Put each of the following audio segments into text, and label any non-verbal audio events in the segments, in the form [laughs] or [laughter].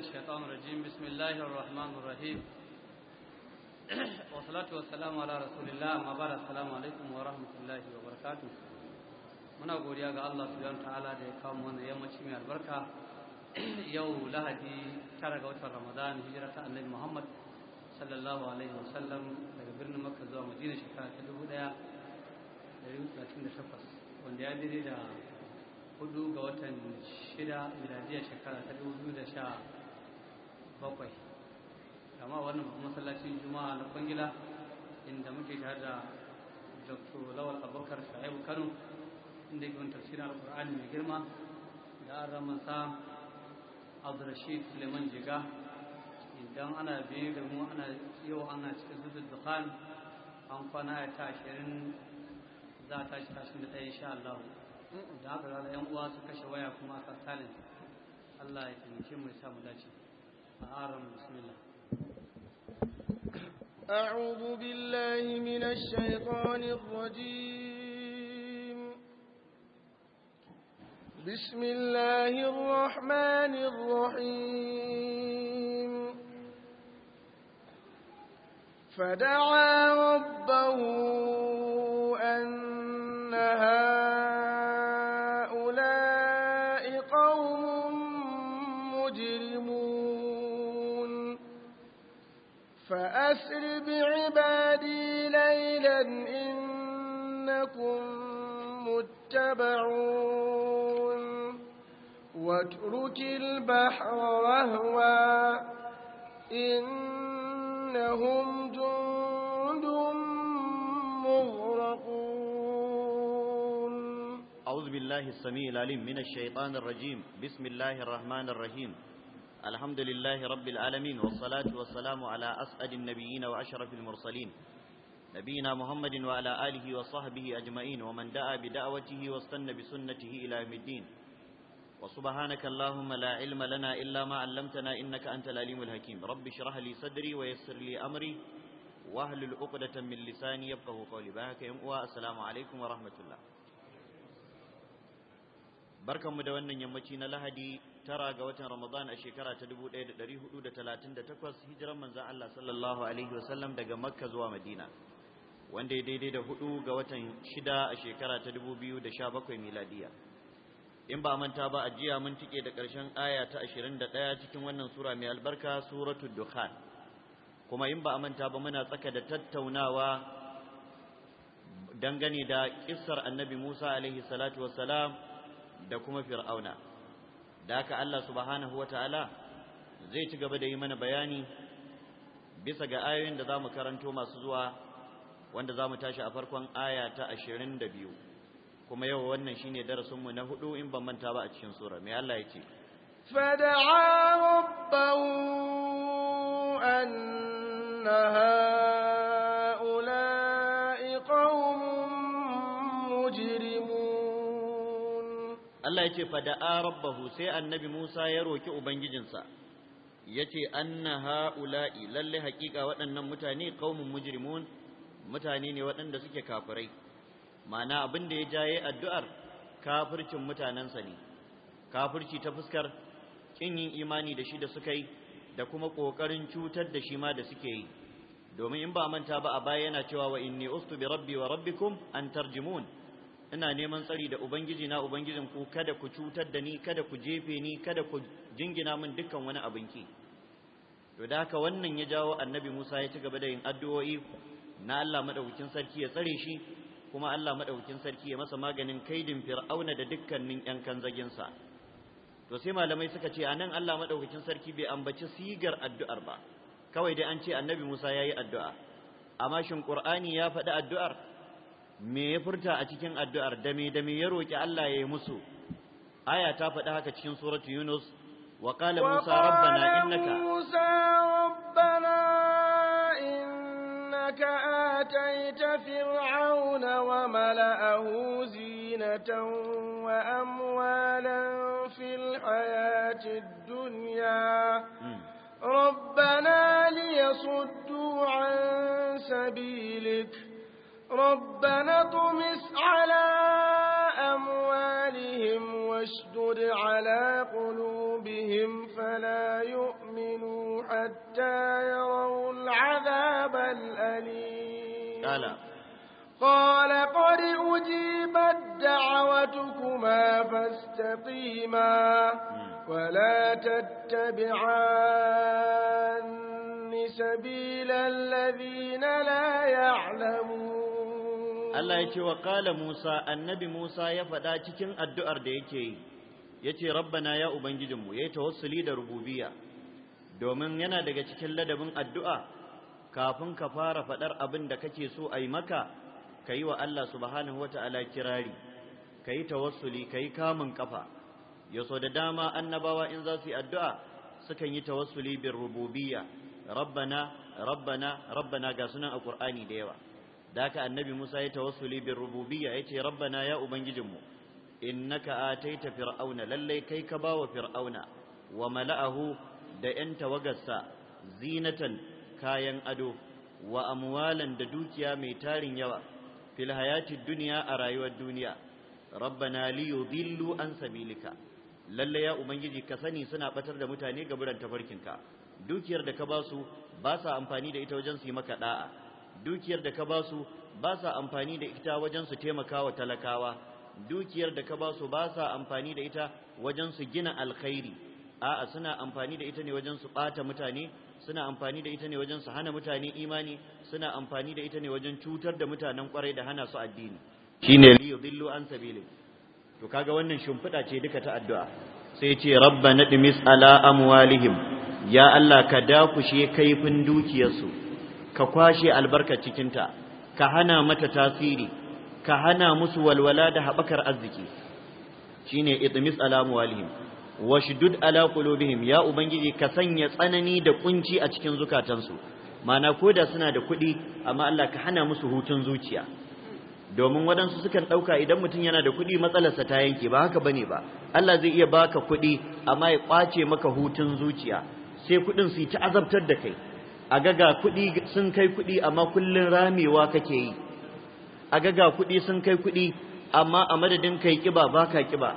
من الشيطان الرجيم بسم الله الرحمن الرحيم والصلاة والسلام على رسول الله السلام عليكم ورحمة الله وبركاته muna godiya ga Allah subhanahu da ya kawo mana yammaci mai albarka [clears throat] yau lahadi tara ga watan Ramadan hijira ta birnin Makka zuwa Madina shekara ya da hudu ga watan shida miladiyar shekara ta bakwai amma wannan masallacin juma'a na kwangila inda muke tare da dr lawal abubakar sha'ibu kano inda yake wani tafsirin alkur'ani mai girma da an ramansa abdurrashid suleiman jiga idan ana biye da mu ana yau ana cikin zuzul dukhan an kwana ya ta ashirin za a tashi tashin da ɗaya insha Allah da haka da yan uwa su kashe waya kuma aka talent Allah ya taimake mu ya samu dace أعوذ بالله من الشيطان الرجيم بسم الله الرحمن الرحيم فدعا ربه أن هذا أسر بعبادي ليلا إنكم متبعون واترك البحر رهوا إنهم جند مغرقون أعوذ بالله السميع العليم من الشيطان الرجيم بسم الله الرحمن الرحيم الحمد لله رب العالمين والصلاة والسلام على أسعد النبيين وأشرف المرسلين نبينا محمد وعلى آله وصحبه أجمعين ومن دعا بدعوته واستنى بسنته إلى يوم الدين وسبحانك اللهم لا علم لنا إلا ما علمتنا إنك أنت العليم الحكيم رب اشرح لي صدري ويسر لي أمري وأهل العقدة من لساني يفقه قولي بارك السلام عليكم ورحمة الله بركة مدونة يمتين yammaci na tara ga watan Ramadan a shekara ta 1438 hijiran manzan Allah sallallahu alaihi wasallam daga Makka zuwa Madina wanda ya daidai da hudu ga watan shida a shekara ta 2017 miladiya in ba manta ba a jiya mun tike da ƙarshen aya ta 21 cikin wannan sura mai albarka suratul dukhan kuma in ba a manta ba muna tsaka da tattaunawa dangane da kissar annabi Musa alaihi salatu wassalam da kuma fir'auna da haka Allah subhanahu ta'ala, zai ci gaba da yi mana bayani bisa ga ayoyin da za mu karanto masu zuwa wanda za mu tashi a farkon aya ta ashirin da biyu, kuma yau wannan shi ne mu na hudu in ban manta ba a cikin sura mai Allah ya ce rabbahu annaha Allah ya ce da'a rabbahu sai annabi Musa ya roki ubangijinsa yace anna haula'i lalle haƙiƙa waɗannan mutane qaumun mujrimun mutane ne waɗanda suke kafirai ma'ana abin da ya jaye addu'ar kafircin mutanensa ne kafirci ta fuskar kin yin imani da shi da suka yi da kuma ƙoƙarin cutar da shi ma da suke yi domin in ba manta ba a baya yana cewa wa inni ustu bi rabbi wa rabbikum an tarjimun ina neman tsari da ubangiji na ubangijin ku kada ku cutar da ni kada ku jefe ni kada ku jingina min dukkan wani abinki to da haka wannan ya jawo annabi Musa ya ci gaba da yin addu'o'i na Allah madaukakin sarki ya tsare shi kuma Allah madaukakin sarki ya masa maganin kaidin fir'auna da dukkanin yan kanzaginsa. sa to sai malamai suka ce anan Allah maɗaukakin sarki bai ambaci sigar addu'ar ba kawai dai an ce annabi Musa ya yi addu'a amma shin Qur'ani ya faɗi addu'ar me ya furta a cikin addu'ar da me ya roki Allah ya yi musu aya ta faɗi haka cikin suratu Yunus wa qala Musa rabbana innaka Musa rabbana innaka ataita fir'auna wa mala'ahu zinatan wa amwalan fil hayati dunya ربنا ليصدوا عن سبيلك ربنا طمس على أموالهم واشدد على قلوبهم فلا يؤمنوا حتى يروا العذاب الأليم ألا قال قد أجيبت دعوتكما فاستقيما ولا تتبعان سبيل الذين لا يعلمون Allah ya ce wa kala Musa annabi Musa ya faɗa cikin addu'ar da yake yi ya yace rabbana ya ubangijinmu ta tawassuli da rububiya domin yana daga cikin ladabin addu'a kafin ka fara faɗar abin da kake so a yi maka ka yi wa Allah subhanahu wata'ala kirari ka yi ta tawassuli ka yi kamun kafa ya so da dama annabawa in za su yi addu'a sukan yi tawassuli bin rabbana rabbana rabbana ga sunan a ƙur'ani da yawa da haka annabi Musa ya tawassuli bir rububiyya yace rabbana ya ubangijinmu innaka ataita fir'auna lallai kai ka bawa fir'auna wa mala'ahu da yan tawagarsa zinatan kayan ado wa amwalan da dukiya mai tarin yawa fil hayati dunya a rayuwar duniya rabbana li yudillu an sabilika lalle ya ubangiji ka sani suna batar da mutane ga buran tafarkinka dukiyar da ka basu ba sa amfani da ita wajen su yi maka da'a dukiyar da ka ba su ba sa amfani da ita wajen su taimaka wa talakawa dukiyar da ka ba su ba sa amfani da ita wajen su gina alkhairi a'a suna amfani da ita ne wajen su bata mutane suna amfani da ita ne wajen su hana mutane imani suna amfani da ita ne wajen cutar da mutanen kwarai da hana su addini shine li yudillu an sabili to kaga wannan shimfiɗa ce duka ta addu'a sai ce rabbana dimis ala amwalihim ya Allah ka dakushe kaifin dukiyarsu ka kwashe albarka cikinta ka hana mata tasiri ka hana musu walwala da haɓakar arziki shine itmis ala muwalihim washdud ala qulubihim ya ubangiji ka sanya tsanani da kunci a cikin zukatansu mana koda suna da kuɗi amma Allah ka hana musu hutun zuciya domin waɗansu sukan ɗauka idan mutum yana da kuɗi matsalarsa ta yanke ba haka bane ba Allah zai iya baka kuɗi amma ya kwace maka hutun zuciya sai kuɗin su yi ta azabtar da kai a gaga kuɗi sun kai kuɗi amma kullun ramewa kake yi a gaga kuɗi sun kai kuɗi amma a madadin kai kiba ka kiba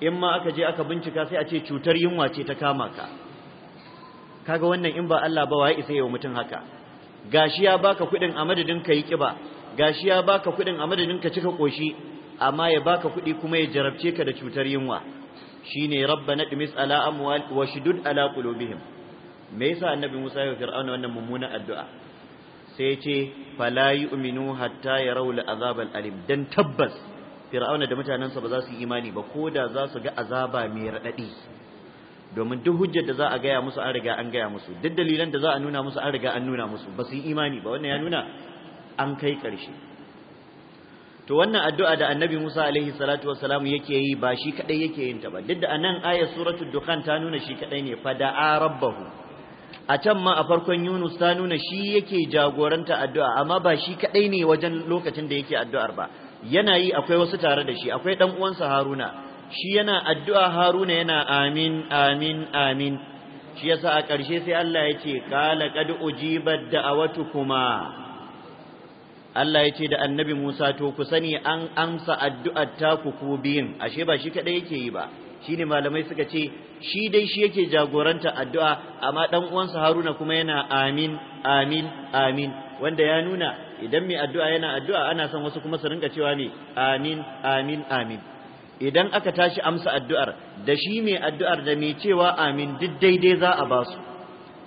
in ma aka je aka bincika sai a ce cutar yunwa ce ta kama ka kaga wannan in ba Allah ba waye isa yau mutum haka gashi ya baka kuɗin a madadin kai kiba gashi ya baka kuɗin a madadin ka cika koshi amma ya baka kuɗi kuma ya jarabce ka da cutar yunwa shine rabbana dimis ala amwal wa shudud ala qulubihim me yasa annabi Musa ya fir'auna wannan mummunan addu'a sai ce fala yu'minu hatta yarau al'azab al'alim dan tabbas fir'auna da mutanansa ba za su yi imani ba ko da za su ga azaba mai radadi domin duk hujjar da za a gaya musu an riga an gaya musu duk dalilan da za a nuna musu an riga an nuna musu ba su yi imani ba wannan ya nuna an kai ƙarshe to wannan addu'a da annabi Musa alaihi salatu wassalam yake yi ba shi kadai yake yin ta ba duk da anan ayat suratul dukhan ta nuna shi kadai ne fa da'a rabbahu a can ma a farkon Yunus ta nuna shi yake jagoranta addu'a amma ba shi kadai ne wajen lokacin da yake addu'ar ba yana yi akwai wasu tare da shi akwai dan uwansa Haruna shi yana addu'a Haruna yana amin amin amin shi yasa a ƙarshe sai Allah ya ce qala qad ujibat da'awatukuma Allah ya ce da annabi Musa to ku sani an amsa addu'ar taku ku biyin. ashe ba shi kadai yake yi ba ne malamai suka ce shi dai shi yake jagoranta addu'a amma dan uwansa Haruna kuma yana amin amin amin wanda ya nuna idan mai addu'a yana addu'a ana son wasu kuma su rinka cewa ne amin amin amin idan aka tashi amsa addu'ar da shi mai addu'ar da mai cewa amin duk daidai za a ba su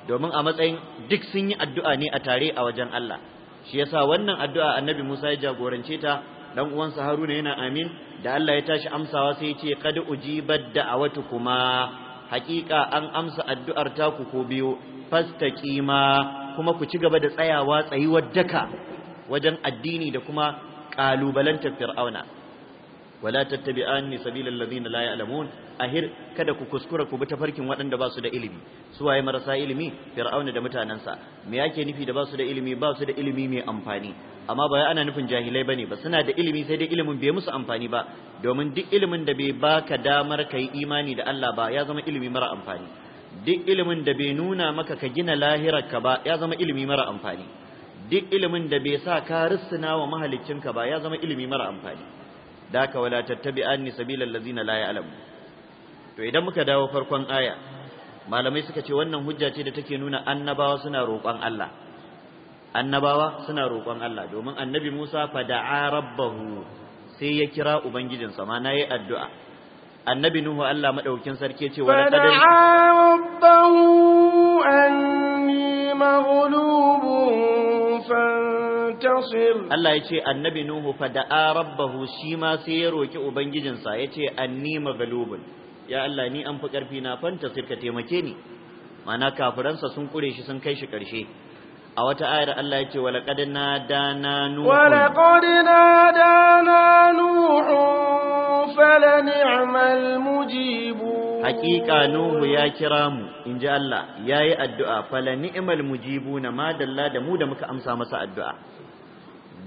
domin a matsayin duk sun yi addu'a ne a tare a wajen Allah shi yasa wannan addu'a annabi Musa ya jagorance ta dan uwansa Haruna yana amin da Allah ya tashi amsawa sai ya ce qad ujibat da'awatukuma haqiqa an amsa addu'ar taku ko biyo fastaqima kuma ku ci gaba da tsayawa tsayuwar daka wajen addini da kuma kalubalantar fir'auna wala tattabi'anni sabilal ladina la ya'lamun ahir kada ku kuskura ku bi tafarkin waɗanda ba su da ilimi su waye marasa ilimi fir'auna da mutanensa me yake nufi da ba su da ilimi ba su da ilimi mai amfani amma ba ana nufin jahilai bane ba suna da ilimi sai dai ilimin bai musu amfani ba domin duk ilimin da bai baka damar kai imani da Allah ba ya zama ilimi mara amfani duk ilimin da bai nuna maka ka gina lahirarka ba ya zama ilimi mara amfani duk ilimin da bai sa ka rissina wa ka ba ya zama ilimi mara amfani da ka wala tattabi'anni sabilal ladzina la ya'lamu to idan muka dawo farkon aya malamai suka ce wannan hujja ce da take nuna annabawa suna roƙon Allah annabawa suna roƙon Allah domin annabi Musa fa da'a rabbahu sai ya kira ubangijinsa ma na yi addu'a annabi Nuhu Allah madaukin sarki ce wa da'a rabbahu anni maghlubun fantasir Allah yace annabi Nuhu fa da'a rabbahu shi ma sai ya roki ubangijinsa yace anni maghlubun ya Allah ni an fi ƙarfi na fanta sai ka taimake ni mana kafiransa sun kure shi sun kai shi ƙarshe a wata ayar Allah ya ce walaƙad nadana nuhu walaƙad nadana nuhu ni'mal mujibu Hakika nuhu ya kira mu in ji Allah ya yi addu'a ni'mal mujibu na madalla da mu da muka amsa masa addu'a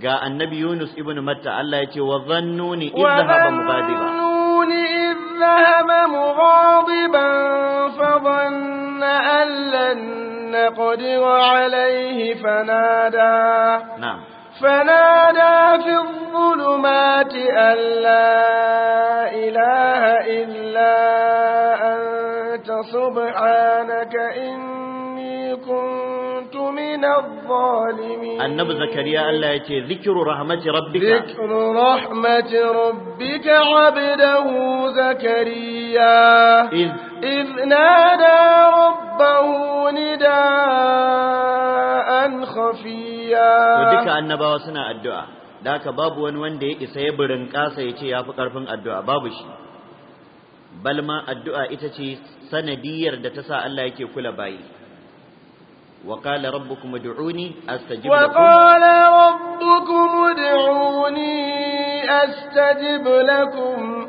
ga annabi Yunus ibn Matta Allah ya ce wa zannuni idhaba mubadila الرسول إذ ذهب مغاضبا فظن أن لن نقدر عليه فنادى نعم فنادى في الظلمات أن لا إله إلا أنت سبحانك إني من الظالمين النبي زكريا الله يتي ذكر رحمة ربك ذكر رحمة ربك عبده زكريا إذ, إذ نادى ربه نداء خفيا ودك النبوة سنة الدعاء ذاك باب وان وان دي إسا يبرن كاسا يتي يافق رفن الدعاء باب شي بل ما الدعاء إتتي sanadiyar da ta sa Allah yake kula bayi وقال ربكم ادعوني استجب لكم وقال ربكم ادعوني استجب لكم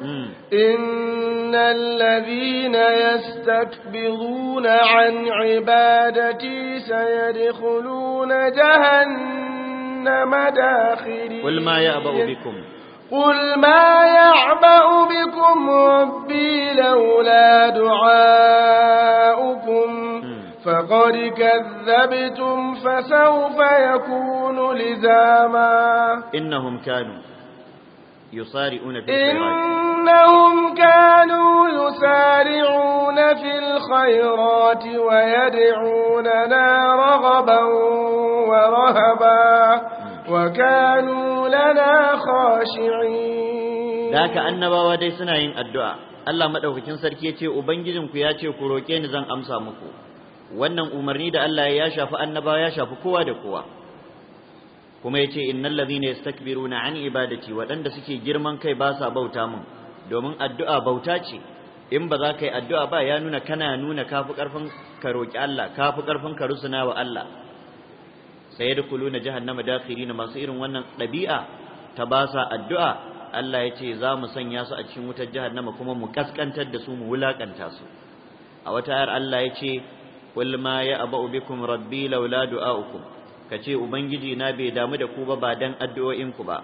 ان الذين يستكبرون عن عبادتي سيدخلون جهنم داخرين قل ما يعبأ بكم قل ما يعبأ بكم ربي لولا دعاؤكم فقد كذبتم فسوف يكون لزاما إنهم كانوا يصارعون في الخيرات إنهم كانوا يسارعون في الخيرات ويدعوننا رغبا ورهبا وكانوا لنا خاشعين ذاك annabawa dai suna yin addu'a Allah madaukakin sarki yace ubangijinku yace ku roke ni zan amsa muku wannan umarni da Allah ya shafi annaba ya shafi kowa da kowa kuma yace innal ladhina yastakbiruna an ibadati waɗanda suke girman kai ba sa bauta mun domin addu'a bauta ce in ba za ka yi addu'a ba ya nuna kana nuna kafi karfin ka roki Allah kafi karfin ka rusuna wa Allah sai jahannama dakhirin masu irin wannan ɗabi'a ta ba sa addu'a Allah yace za mu sanya su a cikin wutar jahannama kuma mu kaskantar da su mu wulakanta su a wata ayar Allah yace qul ma ya'ba'u bikum rabbi laula du'a'ukum kace ubangiji na bai damu da ku ba ba dan addu'o'in ku ba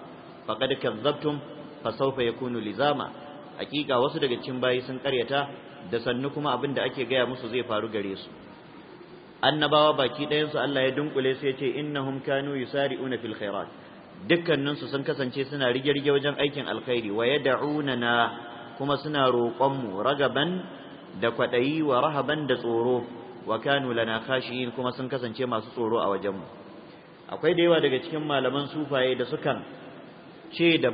faqad kadzabtum fa sawfa yakunu lizama hakika wasu daga cikin bayi sun karyata da sannu kuma abin da ake gaya musu zai faru gare su annabawa baki ɗayansu Allah ya dunkule su ya ce innahum kanu yusari'una fil khairat dukkaninsu sun kasance suna rige-rige wajen aikin alkhairi wa na kuma suna roƙonmu ragaban da kwaɗayi wa rahaban da tsoro wa kanu lana khashiyin kuma sun kasance masu tsoro a wajen mu akwai da yawa daga cikin malaman sufaye da sukan ce da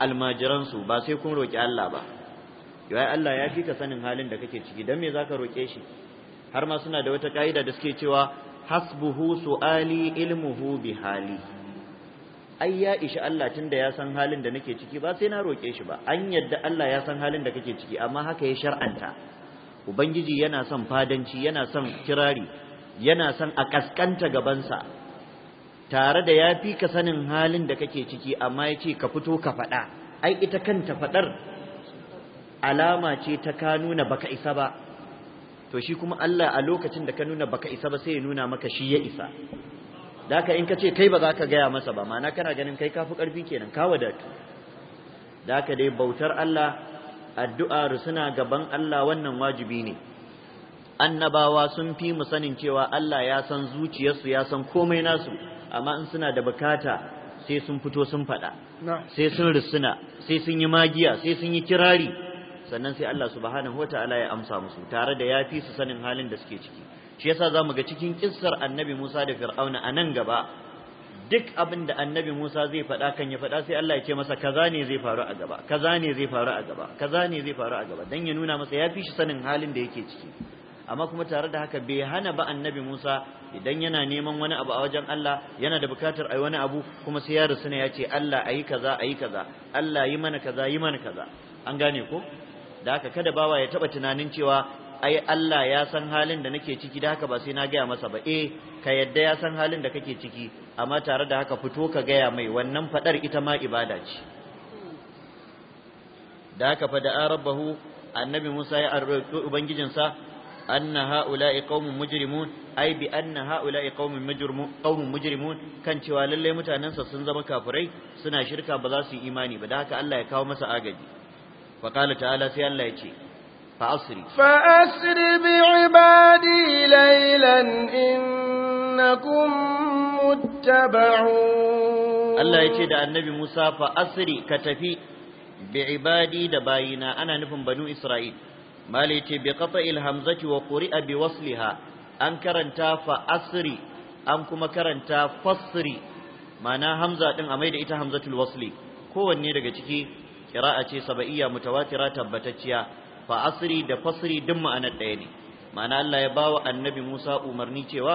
almajiran su ba sai kun roki Allah ba yawai Allah ya fi ka sanin halin da kake ciki dan me zaka roke shi har ma suna da wata kaida da suke cewa hasbuhu su'ali ilmuhu bi hali ai ya ishi Allah tunda ya san halin da nake ciki ba sai na roke shi ba an yadda Allah ya san halin da kake ciki amma haka ya shar'anta ubangiji yana son fadanci yana son kirari yana son a ƙasƙanta gabansa tare da ya fi ka sanin halin da kake ciki amma ya ce ka fito ka faɗa ai ita kanta faɗar alama ce ta ka nuna ka isa ba to shi kuma Allah a lokacin da ka nuna ba ka isa ba sai ya nuna maka shi ya isa da in ka ce kai ba za ka gaya masa ba ma'ana kana ganin kai ka fi ƙarfi kenan ka wadatu da dai bautar Allah addu'a suna gaban Allah wannan wajibi ne annabawa sun fi mu sanin cewa Allah ya san zuciyarsu ya san komai nasu amma in suna da bukata sai sun fito sun faɗa sai sun rusuna sai sun yi magiya sai sun yi kirari sannan sai Allah subhanahu wataala ya amsa musu tare da ya fi su sanin halin da suke ciki shi yasa zamu ga cikin kissar annabi Musa da Fir'auna a nan gaba duk abin da annabi Musa zai faɗa kan ya faɗa sai Allah ya ce masa kaza ne zai faru a gaba kaza ne zai faru a gaba kaza ne zai faru a gaba dan ya nuna masa ya fi shi sanin halin da yake ciki amma kuma tare da haka bai hana ba annabi Musa idan yana neman wani abu a wajen Allah yana da bukatar ayi wani abu kuma sai ya rusuna ya ce Allah ayi kaza ayi kaza Allah yi mana kaza yi mana kaza an gane ko da haka kada bawa ya taba tunanin cewa ai Allah ya san halin da nake ciki da haka ba sai na gaya masa ba eh ka yadda ya san halin da kake ciki amma tare da haka fito ka gaya mai wannan fadar ita ma ibada ce da haka fa da rabbahu annabi Musa ya arroto ubangijinsa anna haula'i qaumun mujrimun ai bi anna haula'i qaumun mujrimun qaumun mujrimun kan cewa lalle sa sun zama kafirai suna shirka ba za su yi imani ba da haka Allah ya kawo masa agaji fa qala ta'ala sai Allah ya ce فأسر فأسر بعبادي ليلا إنكم متبعون الله يتشهد النبي موسى فأسر كتفي بعبادي دباينا أنا نفهم بنو إسرائيل ما ليتي بقطع الهمزة وقرئ بوصلها أنكرنتا فأسري an kuma karanta fasri ma'ana hamza din a mai da ita hamzatul wasli kowanne daga ciki kira'a ce saba'iyya mutawatira tabbatacciya fa asri da fasri duk ma'anar ɗaya ne ma'ana Allah ya bawa annabi Musa umarni cewa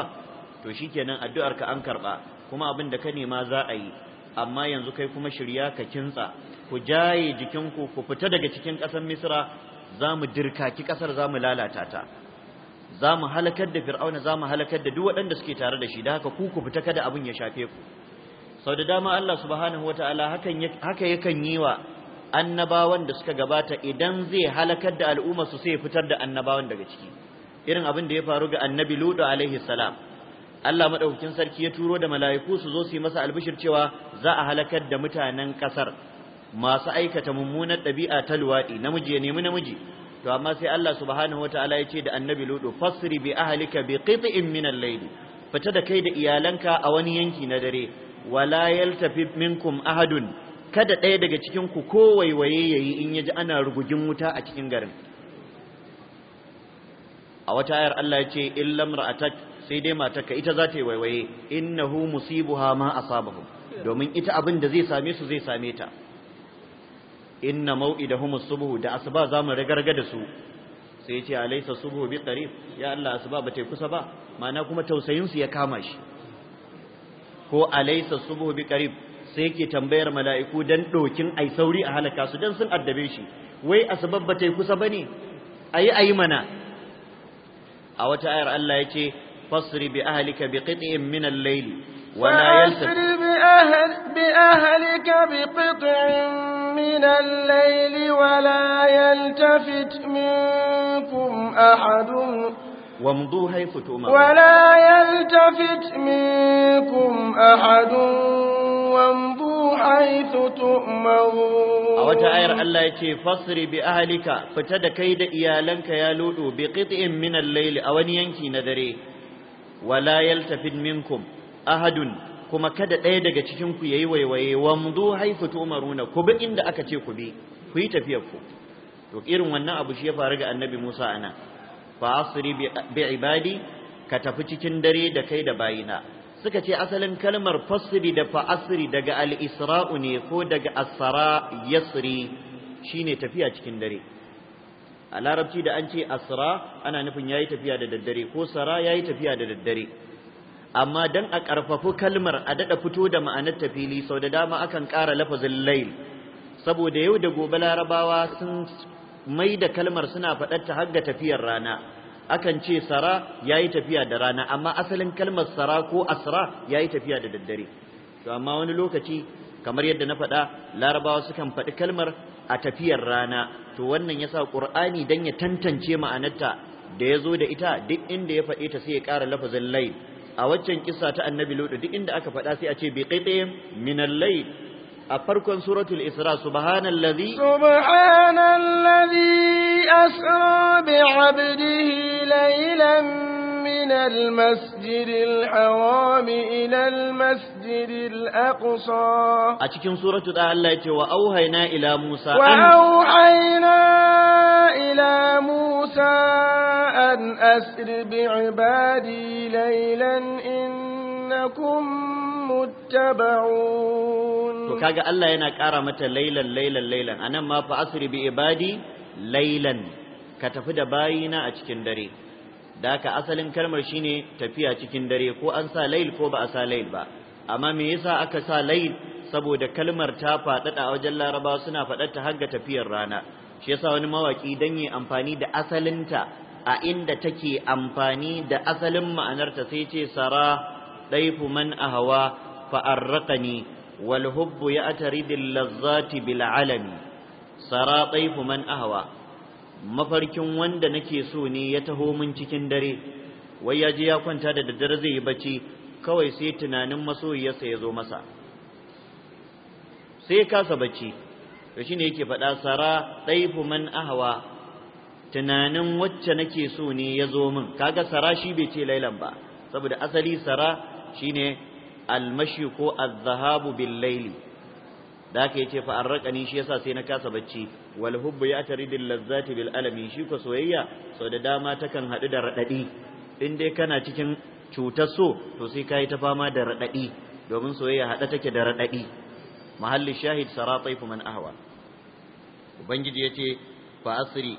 to shi shikenan addu'ar ka an karba kuma abin da ka nema za a yi amma yanzu kai kuma shirya ka kintsa ku jaye jikinku ku fita daga cikin ƙasar Misra za mu dirkaki ƙasar za mu lalata ta za mu halakar da fir'auna za mu halakar da duk waɗanda suke tare da shi da haka ku ku fita kada abin ya shafe ku sau da dama Allah subhanahu wataala hakan haka yakan yi wa annabawan da suka gabata idan zai halakar da al'umma su sai fitar da annabawan daga ciki irin abin da ya faru ga annabi ludu alaihi salam Allah madaukakin sarki ya turo da mala'iku su zo su yi masa albishir cewa za a halakar da mutanen kasar masu aikata mummunar ɗabi'a ta luwaɗi namiji ya nemi namiji to amma sai Allah subhanahu wataala ya ce da annabi ludu fasri bi ahlika bi qit'in min al-layl fita da kai da iyalanka a wani yanki na dare wala yaltafit minkum ahadun kada ɗaya daga cikin ku ko waiwaye yayi in ya ji ana rugugin wuta a cikin garin a wata ayar Allah ya ce illam ra'atak sai dai matarka ita za ta yi waiwaye innahu musibuha ma asabahu domin ita abin da zai same su zai same ta inna mau'idahum as da asuba za mu rigarga da su sai ce alaysa subhu bi qarib ya Allah asuba ba kusa ba ma'ana kuma tausayin su ya kama shi ko alaysa subhu bi qarib sai yake tambayar mala'iku don dokin ai sauri a halaka su dan sun addabe shi wai a asbab bata kusa ba bane ayi yi mana a wata ayar Allah ya ce fasri bi ahlika bi qit'in minan al-layl wa la yaltafit bi ahlika bi qit'in من الليل ولا يلتفت منكم أحد وامضوا حيث تؤمرون ولا يلتفت منكم أحد وامضوا حيث تؤمرون أو iyalanka الله يتي فصر بأهلك فتد كيد إيالنك يا لولو بقطع من الليل أو ينكي نذري ولا يلتفت منكم أحد kuma kada ɗaya daga cikinku ya yi waiwaye wamdu haifu tumaruna ku bi inda aka ce ku bi ku yi tafiyar ku to irin wannan abu shi ya faru ga annabi Musa nan. fa asri bi ibadi ka tafi cikin dare da kai da bayina suka ce asalin kalmar fasri da fa daga al-isra'u ne ko daga asra yasri shine tafiya cikin dare a larabci da an ce asra ana nufin yayi tafiya da daddare ko sara yayi tafiya da daddare amma dan a ƙarfafi kalmar a dada fito da ma'anar tafili sau da dama akan ƙara lafazin lail saboda yau da gobe larabawa sun mai da kalmar suna faɗar ta har ga tafiyar rana akan ce sara yayi tafiya da rana amma asalin kalmar sara ko asra yayi tafiya da daddare to amma wani lokaci kamar yadda na faɗa larabawa sukan faɗi kalmar a tafiyar rana to wannan ya sa ƙur'ani dan ya tantance ma'anarta da ya zo da ita duk inda ya faɗe ta sai ya ƙara lafazin layl a waccan kissa ta annabi lodo duk inda aka faɗa sai a ce bi qitayim min al a farkon suratul isra subhanallazi subhanallazi asra bi 'abdihi laylan من المسجد الحرام إلى المسجد الأقصى أتكين سورة الله وأوهينا إلى موسى وأوحينا إلى موسى أن أسر بعبادي ليلا إنكم muttaba'un to kaga Allah yana ƙara mata laylan laylan laylan anan ma fa asri bi ibadi laylan ka tafi da bayina a cikin dare da ka asalin kalmar shine tafiya cikin dare ko an sa layl ko ba a sa layl ba amma me yasa aka sa layl saboda kalmar ta faɗaɗa a wajen larabawa suna faɗatta har ga tafiyar rana shi yasa wani mawaki dan yi amfani da asalinta a inda take amfani da asalin ma'anar ta sai ce sara ɗaifu man ahawa فأرقني والهب يأترد اللذات بالعلم سرى طيف من أهوى mafarkin wanda nake so ne ya taho min cikin dare wai ya je ya kwanta da daddare zai yi bacci kawai sai tunanin masoyiyarsa ya zo masa sai ya kasa bacci to ne yake faɗa sara ɗaifu man ahwa tunanin wacce nake so ne ya zo min kaga sara shi bai ce lailan ba saboda asali sara shine almashi ko azhabu bil da haka yace fa ni shi yasa sai na kasa bacci wal hubbu ya'taridil lazzati bil alami shi ko soyayya sau da dama takan hadu da radadi in dai kana cikin cutar so to sai kai ta fama da radadi domin soyayya hada take da radadi mahalli shahid sarataifu man ahwa ubangiji yace fa asri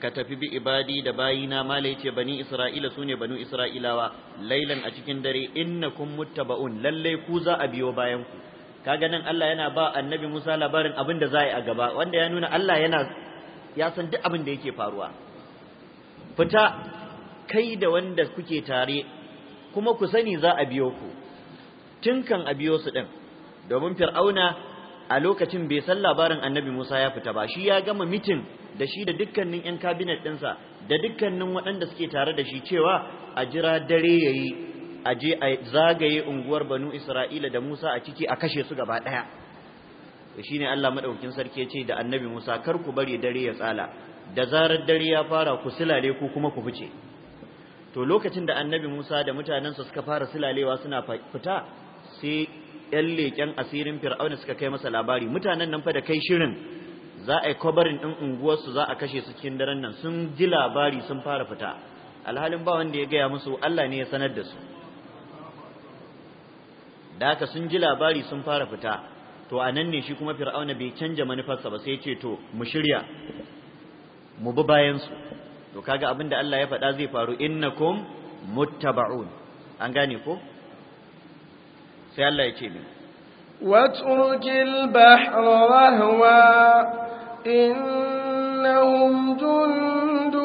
ka tafi bi ibadi da bayina malai ce bani isra'ila sune banu isra'ilawa lailan a cikin dare innakum muttaba'un lalle ku za a biyo bayan ku kaga nan Allah yana ba annabi Musa labarin abin da za a gaba wanda ya nuna Allah yana ya san duk abin da yake faruwa fita kai da wanda kuke tare kuma ku sani za a biyo ku tun kan a biyo su din domin fir'auna a lokacin bai san labarin annabi Musa ya fita ba shi ya gama mitin da shi da dukkanin 'yan kabinet ɗinsa da dukkanin waɗanda suke tare da shi cewa a jira dare ya yi a je a zagaye unguwar banu isra'ila da musa a ciki a kashe su gaba ɗaya shi ne allah maɗaukin sarki ya ce da annabi musa kar ku bari dare ya tsala da zarar dare ya fara ku silale ku kuma ku fice to lokacin da annabi musa da mutanensa suka fara silalewa suna fita sai 'yan leƙen asirin fir'auna suka kai masa labari mutanen nan fa da kai shirin za a yi kwabarin ɗin unguwarsu za a kashe su cikin daren nan sun ji labari sun fara fita alhalin ba wanda ya gaya musu Allah ne ya sanar da su da haka sun ji labari sun fara fita to a nan ne shi kuma fir'auna bai canja manufarsa ba sai ce to mu shirya mu bi bayan to kaga abin da Allah ya faɗa zai faru innakum muttaba'un an gane ko sai Allah ya ce min واترك البحر رهوا إنهم جند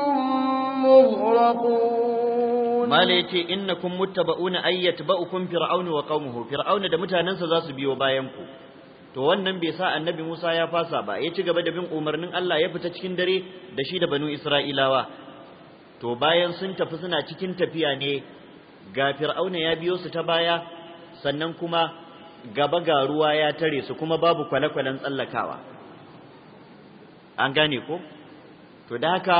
مغرقون ما na إنكم متبعون أن يتبعكم فرعون وقومه فرعون da mutanansa zasu biyo bayan to wannan bai sa annabi Musa ya fasa ba ya ci gaba da bin umarnin Allah ya fita cikin dare da shi da banu Isra'ilawa to bayan sun tafi suna cikin tafiya ne ga fir'auna ya biyo su ta baya sannan kuma gaba ga ruwa ya tare su kuma babu kwale-kwalen tsallakawa an gane ko to da haka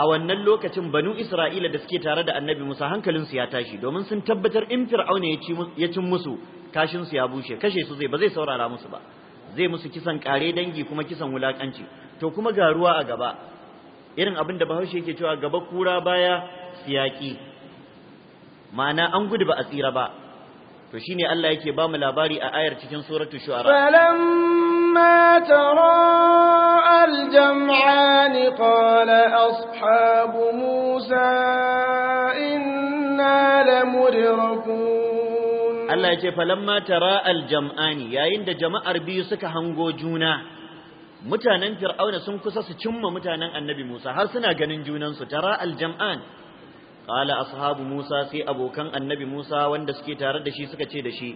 a wannan lokacin banu Isra'ila da suke tare da Annabi Musa hankalinsu ya tashi domin sun tabbatar in Fir'auna ya ci cin musu kashin su ya bushe kashe su zai ba zai saurara musu ba zai musu kisan kare dangi kuma kisan wulakanci to kuma ga ruwa a gaba irin abin da Bahaushe yake cewa gaba kura baya siyaki ma'ana an gudu ba a tsira ba to shine Allah yake ba mu labari a ayar cikin suratul shu'ara فلما تراءى الجمعان قال أصحاب موسى إنا لمدركون الله يجي فلما تراءى الجمعان يا عند جماعة ربي سك هنغو جونا mutanen fir'auna sun kusa su cimma mutanen annabi Musa har suna ganin junansu tara aljam'an qala ashabu Musa sai abokan annabi Musa wanda suke tare da shi suka ce da shi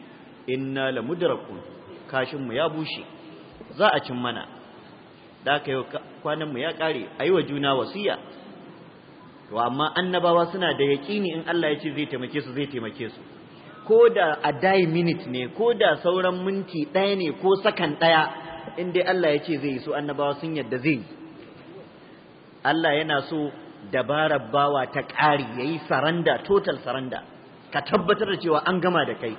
inna lamudrakun kashin mu ya bushe za a cin mana da aka yi kwanan mu ya ƙare. a yi wa juna wasiya to amma annabawa suna da yaƙini in Allah ya ce zai taimake su zai taimake su ko da a die minute ne ko da sauran minti ɗaya ne ko sakan ɗaya in dai Allah ya ce zai yi so annabawa sun yadda zai yi Allah yana so dabarar bawa ta ƙari ya yi saranda total saranda ka tabbatar da cewa an gama da kai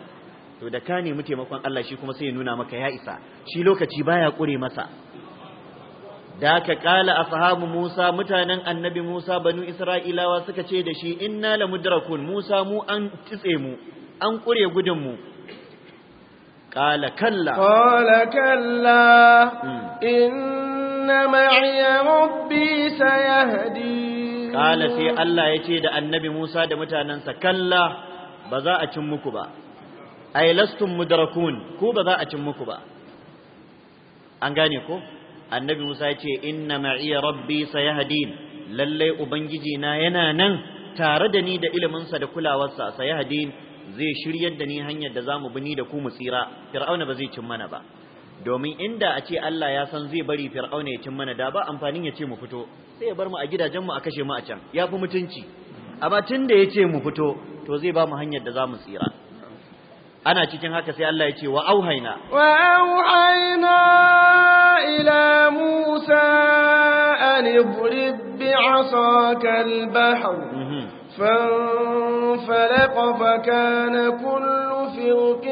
to da ka nemi taimakon Allah shi kuma sai ya nuna maka ya isa shi lokaci baya kure masa da ka kala ashabu Musa mutanen annabi Musa banu Isra'ilawa suka ce da shi inna mudrakun Musa mu an tsitse mu an kure gudun mu Kala kalla, kala kalla hmm. inna إن rabbi sayahdi kala sai Allah ya ce da annabi Musa da mutanansa kalla ba za a cin muku ba ay lastum mudrakun ku ba za a cin muku ba an gane ko annabi Musa ya ce inna ma'iya rabbi sayahdin lallai ubangiji na yana nan tare da ni da iliminsa da kulawarsa sayahdin zai shiryar da ni hanyar da zamu bi ni da ku mu tsira fir'auna ba zai cin mana ba domin inda a ce Allah ya san zai bari fir'auna ya cin mana da ba amfanin ya ce mu fito sai ya bar mu a gidajen mu a kashe mu a can ya fi mutunci A batun da ya ce mu fito to zai ba mu hanyar da za mu tsira ana cikin haka sai Allah ya ce wa auhaina wa auhaina ila Musa an ibrib bi asakal bahr فانفلق فكان كل فرق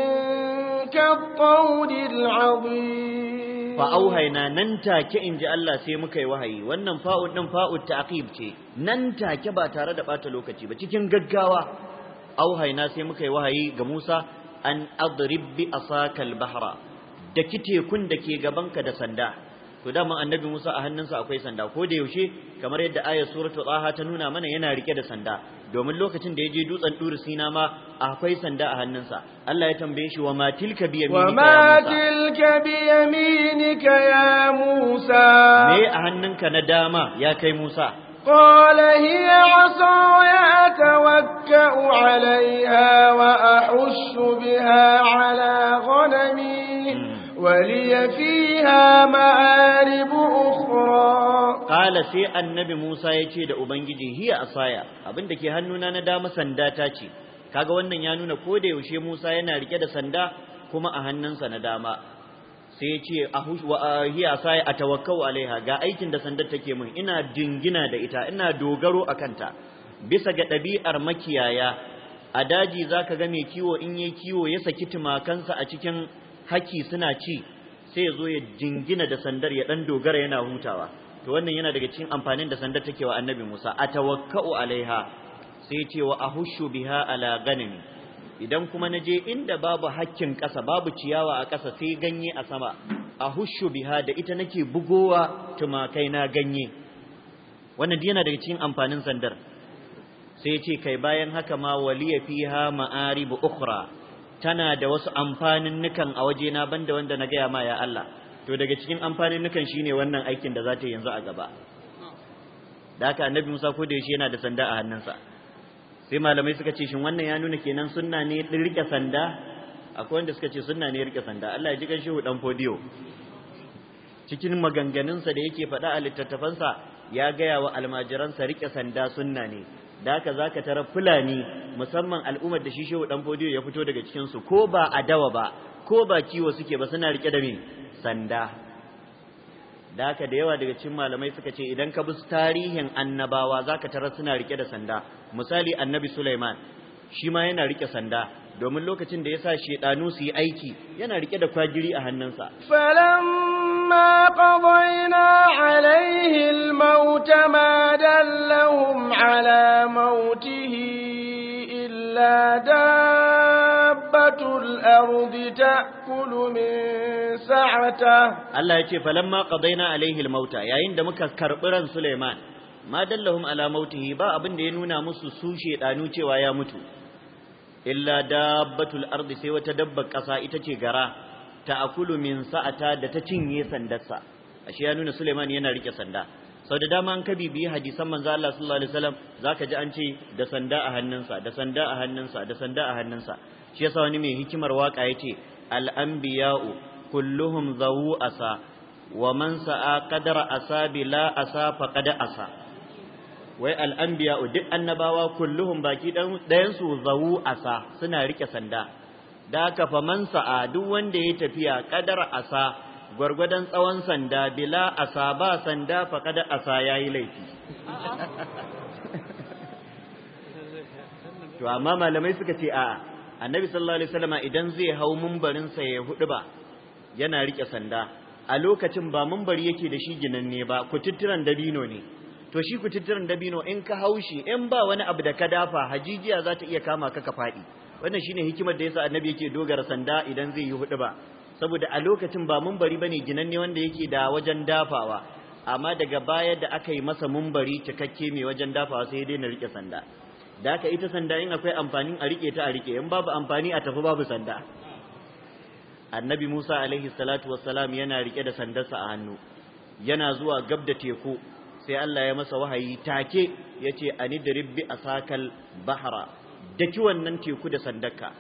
كالطود العظيم فأوهينا ننتاك إن جاء الله سيمك وهي wannan fa'ud din fa'ud ta'qib ce nan take ba tare da bata lokaci ba cikin gaggawa auhaina sai muka yi wahayi ga Musa an adrib bi asakal bahra da kitekun da ke gabanka da sanda to dama annabi Musa a hannunsa akwai sanda ko da yaushe kamar yadda ayar suratul Taha ta nuna mana yana rike da sanda domin lokacin da ya je dutsen Duri Sina ma akwai sanda a hannunsa Allah ya tambaye shi wa ma tilka bi yaminika ya Musa wa ma tilka bi yaminika ya Musa me a hannunka na dama ya kai Musa قال هي عصاي أتوكأ عليها وأحس بها على غنمي ولي فيها مآرب أخرى قال سي النبي موسى يتي da ubangiji hiya asaya abin da ke hannuna na dama sanda ta ce kaga wannan ya nuna ko da yaushe Musa yana rike da sanda kuma a hannunsa na dama sai ya ce wa hiya sai tawakkau alaiha ga aikin da sandar take min ina dingina da ita ina dogaro a kanta bisa ga ɗabi'ar makiyaya a daji zaka ga mai kiwo in yayi kiwo ya saki tumakansa a cikin haki suna ci sai ya zo ya dingina da sandar ya dan dogara yana hutawa to wannan yana daga cikin amfanin da sandar take wa annabi Musa a tawakka'u alaiha sai ya ce wa ahushu biha ala ganimi idan kuma na je inda babu hakkin ƙasa babu ciyawa a ƙasa sai ganye a sama a hushu biha da ita nake bugowa tumakai na ganye wannan yana daga cikin amfanin sandar sai ce kai bayan haka ma waliya fiha ma'arib ukhra tana da wasu amfanin nukan a waje na banda wanda na gaya ma ya Allah to daga cikin amfanin nukan shine wannan aikin da za ta yanzu a gaba da haka annabi Musa ko da yaushe yana da sanda a hannunsa sai malamai suka ce shin wannan ya nuna kenan sunna ne rike sanda akwai wanda suka ce sunna ne rike sanda Allah ya ji kan shehu dan fodiyo cikin maganganunsa da yake faɗa a littattafansa ya gaya wa almajiransa rike sanda sunna ne da haka zaka tara fulani musamman al'ummar da shi shehu dan fodiyo ya fito daga cikin su ko ba adawa ba ko ba kiwo suke ba suna rike da me sanda da haka da yawa daga cikin malamai suka ce idan ka bi tarihin annabawa za zaka tarar suna rike da sanda misali annabi Sulaiman shi ma yana rike sanda domin lokacin da ya shi shedanu su yi aiki yana rike da kwagiri a hannunsa falamma qadayna alayhi almaut ma dallahum ala mautihi illa da الأرض تأكل من سعته الله يكي فلما قضينا عليه الموت يا عند مكة كربرا سليمان ما دلهم على موته با أبن دينونا مسو سوشي تانوشي ويا متو إلا دابة الأرض سوى تدبك أسائتك غرا تأكل من سعته دتشيني سندسا نونا سليمان ينريك سندا sau da dama an ka bibiyi hadisan manzo Allah sallallahu alaihi wasallam zaka ji an ce da sanda a hannunsa da sanda a hannunsa da sanda a hannunsa shi yasa wani mai hikimar waka yace al anbiya'u kulluhum zawu asa wa man sa'a qadara asa bila asa faqad asa wai al anbiya'u duk annabawa kulluhum baki dayan su zawu asa suna rike sanda da haka fa man sa'a duk wanda ya tafiya qadara asa gwargwadon tsawon sanda bila asa ba sanda faqad asa yayi laifi [laughs] to amma malamai suka ce a'a annabi sallallahu alaihi wasallama idan zai hau mumbarin sa ya hudu ba yana rike sanda a lokacin ba mumbari yake da shi ginanne ba kututturan dabino ne to shi kututturan dabino in ka haushi in ba wani abu da ka dafa hajijiya za ta iya kama ka ka faɗi wannan shine hikimar da yasa annabi yake dogara sanda idan zai yi hudu ba saboda a lokacin ba mumbari bane ginanne wanda yake da wajen dafawa amma daga baya da aka yi masa mumbari cikakke mai wajen dafawa sai ya daina rike sanda da haka ita sanda in akwai amfani a rike ta a rike in babu amfani a tafi babu sanda annabi Musa alaihi salatu wassalam yana rike da sandarsa a hannu yana zuwa gab da teku sai Allah ya masa wahayi take ya ce, yace a sakal bahara bahra daki wannan teku da sandarka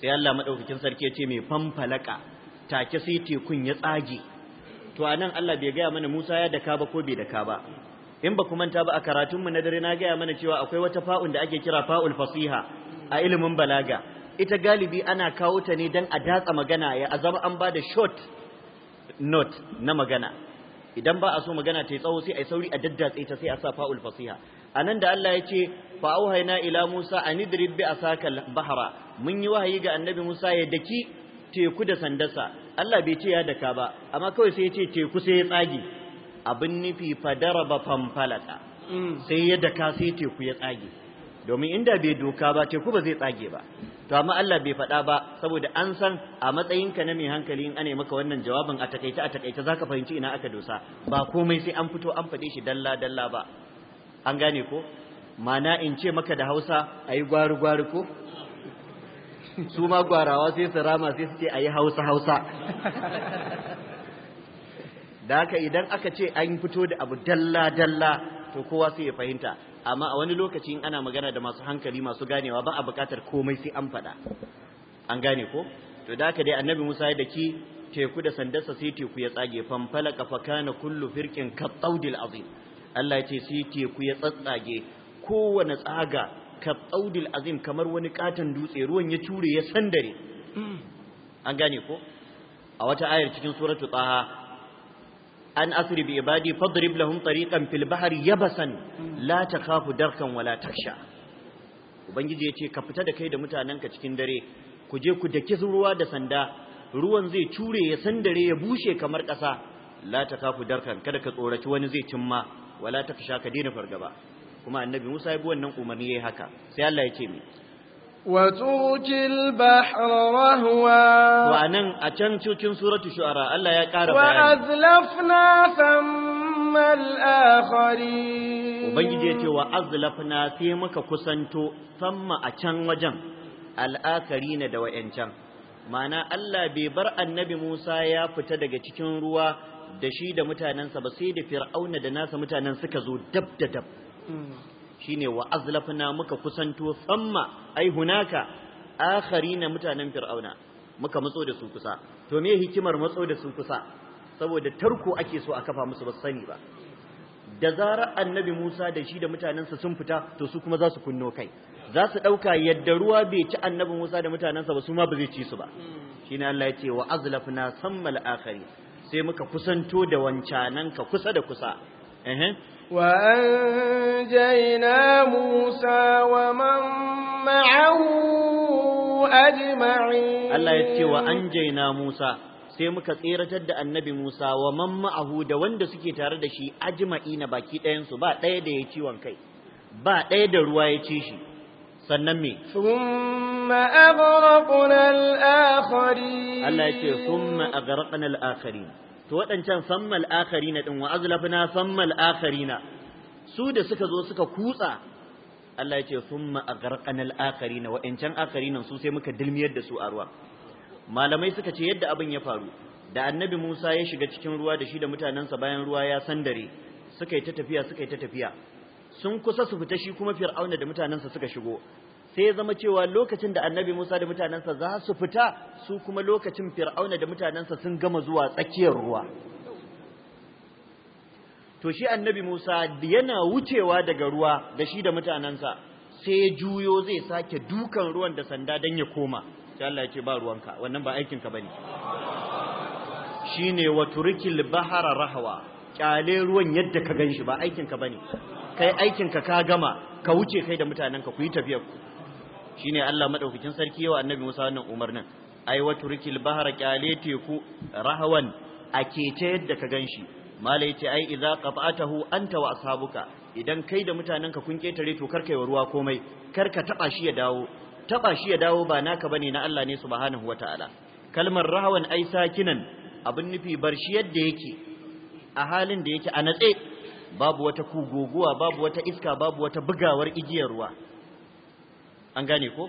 sai Allah maɗaukakin sarki ya ce mai fanfalaka take sai tekun ya tsage to anan Allah bai gaya mana Musa ya daka ba ko bai daka ba in ba ku manta ba a karatunmu na dare na gaya mana cewa akwai wata fa'un da ake kira fa'ul fasiha a ilimin balaga ita galibi ana kawo ta ne don a datsa magana ya azama an ba da short note na magana idan ba a so magana ta yi tsawo sai a yi sauri a daddatse ta sai a sa fa'ul fasiha a nan da Allah ya ce fa'auhaina ila Musa a idrib bi asaka bahra mun yi wahayi ga annabi Musa ya daki teku da sandarsa Allah bai ce ya daka ba amma kawai sai ya ce teku sai ya tsage abin nufi ba fanfalaka mm. sai yadda ka sai teku ya tsage domin inda bai doka ba teku ba zai tsage ba to amma Allah bai faɗa ba saboda an san a matsayinka na mai hankali in ane maka wannan jawabin a takaice a takaice zaka fahimci ina aka dosa ba komai sai an fito an faɗe shi dalla dalla ba an gane ko mana in ce maka da Hausa ayi gwaru gwaru ko su ma gwarawa sai su rama sai su ce ayi Hausa Hausa [laughs] da haka idan aka ce an fito da abu dalla dalla to kowa sai ya fahimta amma a wani lokaci in ana magana da masu hankali masu ganewa ba a bukatar komai sai an faɗa an gane ko to da haka dai annabi Musa ya daki teku da sandarsa sai teku ya tsage fanfala kafakana kullu firqin kattaudil azim Allah ya ce sai teku ya tsatsage kowane tsaga kattaudil azim kamar wani katon dutse ruwan ya ture ya sandare mm. an gane ko a wata ayar cikin suratul taha an asri bi ibadi fadrib lahum tariqan fil bahri yabasan la takhafu darkan wala taksha ubangiji yace ka fita da kai da mutananka cikin dare ku je ku daki ruwa da sanda ruwan zai cure ya san dare ya bushe kamar ƙasa la takhafu darkan kada ka tsoraci wani zai cimma wala taksha ka daina fargaba kuma annabi Musa ya bi wannan umarni yayi haka sai Allah ya ce mai وتركي البحر رهوا وانا اتن cikin suratu shu'ara Allah ya ƙara bayani wa'azlafna thamma al-akharin ubangiji yace wa azlafna sai muka kusanto samma a can wajen al-akharin da wayancan ma'ana Allah bai bar annabi Musa ya fita daga cikin ruwa da shi da mutanensa ba sai da fir'auna da nasa mutanen suka zo dab da dab shine wa azlafna muka kusanto samma ai hunaka na mutanen fir'auna muka matso da su kusa to me hikimar matso da su kusa saboda tarko ake so a kafa musu ba sani ba da zarar annabi Musa da shi da mutanansa sun fita to su kuma za su kunno kai za su ɗauka yadda ruwa bai ci annabi Musa da mutanansa ba su ma ba zai ci su ba shi ne Allah ya ce wa azlafna sammal akhari sai muka kusanto da wancanan ka kusa da kusa وأنجينا موسى ومن معه أجمعين الله يتكي وأنجينا موسى sai muka tseratar da annabi Musa wa man ma'ahu da wanda suke tare da shi ajima'i na baki ɗayansu ba ɗaya da ya ciwon kai ba ɗaya da ruwa ya ci shi sannan me thumma aghraqna al-akharin Allah ya ce thumma aghraqna al-akharin to waɗancan sammal ɗin ɗin wa azlafna sammal na su da suka zo suka kutsa Allah ya ce summa agharqana akari na wa akari nan su sai muka dilmiyar da su a ruwa malamai suka ce yadda abin ya faru da annabi Musa ya shiga cikin ruwa da shi da mutanansa bayan ruwa ya sandare suka yi ta tafiya suka yi ta tafiya sun kusa su fita shi kuma fir'auna da mutanensa suka shigo sai ya zama cewa lokacin da annabi Musa da mutanensa za su fita su kuma lokacin fir'auna da mutanensa sun gama zuwa tsakiyar ruwa to shi annabi Musa yana wucewa daga ruwa da shi da mutanensa sai ya juyo zai sake dukan ruwan da sanda don ya koma sai Allah ya ce ba ruwanka wannan ba aikinka bane shine wa turikil bahara rahwa kyale ruwan yadda ka ganshi ba aikinka bane kai aikinka ka gama ka wuce kai da mutanenka ku yi tafiyar ku shine Allah madaukakin sarki yawa annabi Musa wannan umarnin ai wa turkil bahra kyale teku rahawan a kece yadda ka ganshi mala yace ai idza qata'tahu anta wa ashabuka idan kai da mutanenka kun ketare to karkaiwa yi ruwa komai karka taba shi ya dawo taba shi ya dawo ba naka bane na Allah ne subhanahu wataala kalmar rahawan ai sakinan abin nufi bar shi yadda yake a halin da yake a natse babu wata kugoguwa babu wata iska babu wata bugawar igiyar ruwa an gane ko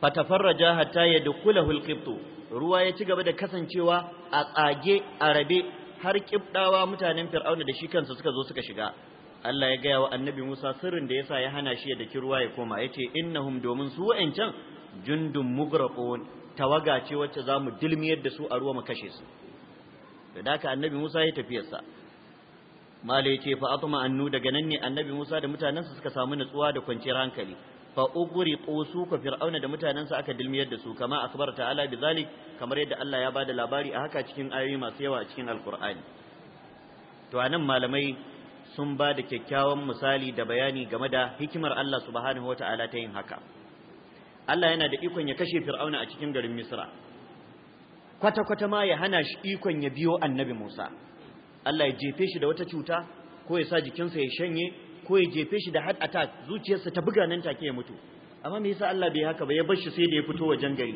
fatafarraja hatta kula alqibtu ruwa ya ci gaba da kasancewa a tsage a rabe har kibdawa mutanen fir'auna da shi kansa suka zo suka shiga Allah ya gaya wa annabi Musa sirrin da yasa ya hana shi ya daki ruwa ya koma yace innahum domin su wa'ancan jundun mugraqun tawaga ce wacce za mu dilmiyar da su a ruwa mu kashe su da haka annabi Musa ya tafiyarsa mala yace fa atma annu daga nan ne annabi Musa da mutanensa suka samu nutsuwa da kwanciyar hankali fa ughriqu su ka fir'auna da mutanansa aka dilmiyar da su kama akbar ta'ala bizalik kamar yadda Allah ya bada labari a haka cikin ayoyi masu yawa a cikin alqur'ani to anan malamai sun ba da kyakkyawan misali da bayani game da hikimar Allah subhanahu wata'ala ta yin haka Allah yana da ikon ya kashe fir'auna a cikin garin Misra kwata-kwata ma ya hana shi ikon ya biyo annabi Musa Allah ya jefe shi da wata cuta ko ya sa jikinsa ya shanye ko ya jefe shi da heart attack zuciyarsa ta buga nan take ya mutu amma me yasa Allah bai haka ba ya bar shi sai da ya fito wajen gari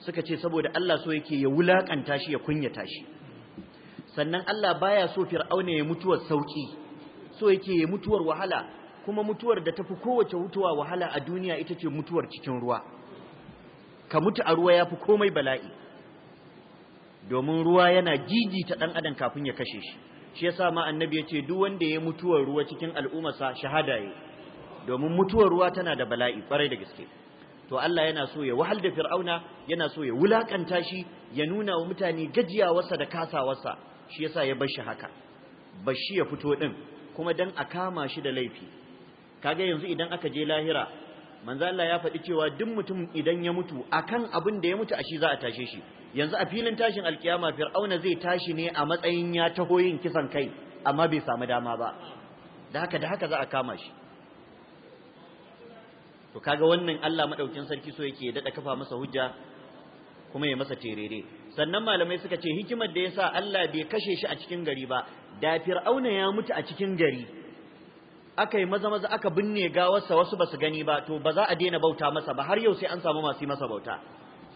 suka ce saboda Allah so yake ya wulakanta shi ya kunyata shi sannan Allah baya so fir'auna ya mutuwar sauki so yake ya mutuwar wahala kuma mutuwar da tafi kowace mutuwa wahala a duniya ita ce mutuwar cikin ruwa ka mutu a ruwa yafi komai bala'i domin ruwa yana ta dan adam kafin ya kashe shi shi yasa ma annabi ya ce duk wanda ya mutuwar ruwa cikin sa shahada yi domin mutuwar ruwa tana da bala'i kwarai da gaske to Allah yana so ya wahal da fir'auna yana so ya wulakanta shi ya nuna wa mutane gajiya wasa da kasawarsa shi yasa ya bar shi haka shi ya fito din kuma dan a kama shi da laifi kaga yanzu idan aka je lahira manzo Allah ya faɗi cewa duk mutum idan ya mutu akan abin da ya mutu a shi za a tashe shi yanzu a filin tashin alkiyama fir'auna zai tashi ne a matsayin ya taho yin kisan kai amma bai samu dama ba da haka da haka za a kama shi to kaga wannan Allah madaukin sarki so yake dada kafa masa hujja kuma ya masa terere sannan malamai suka ce hikimar da yasa Allah bai kashe shi a cikin gari ba da fir'auna ya mutu a cikin gari aka yi maza maza aka binne gawarsa wasu basu gani ba to ba za a daina bauta masa ba har yau sai an samu masu yi masa bauta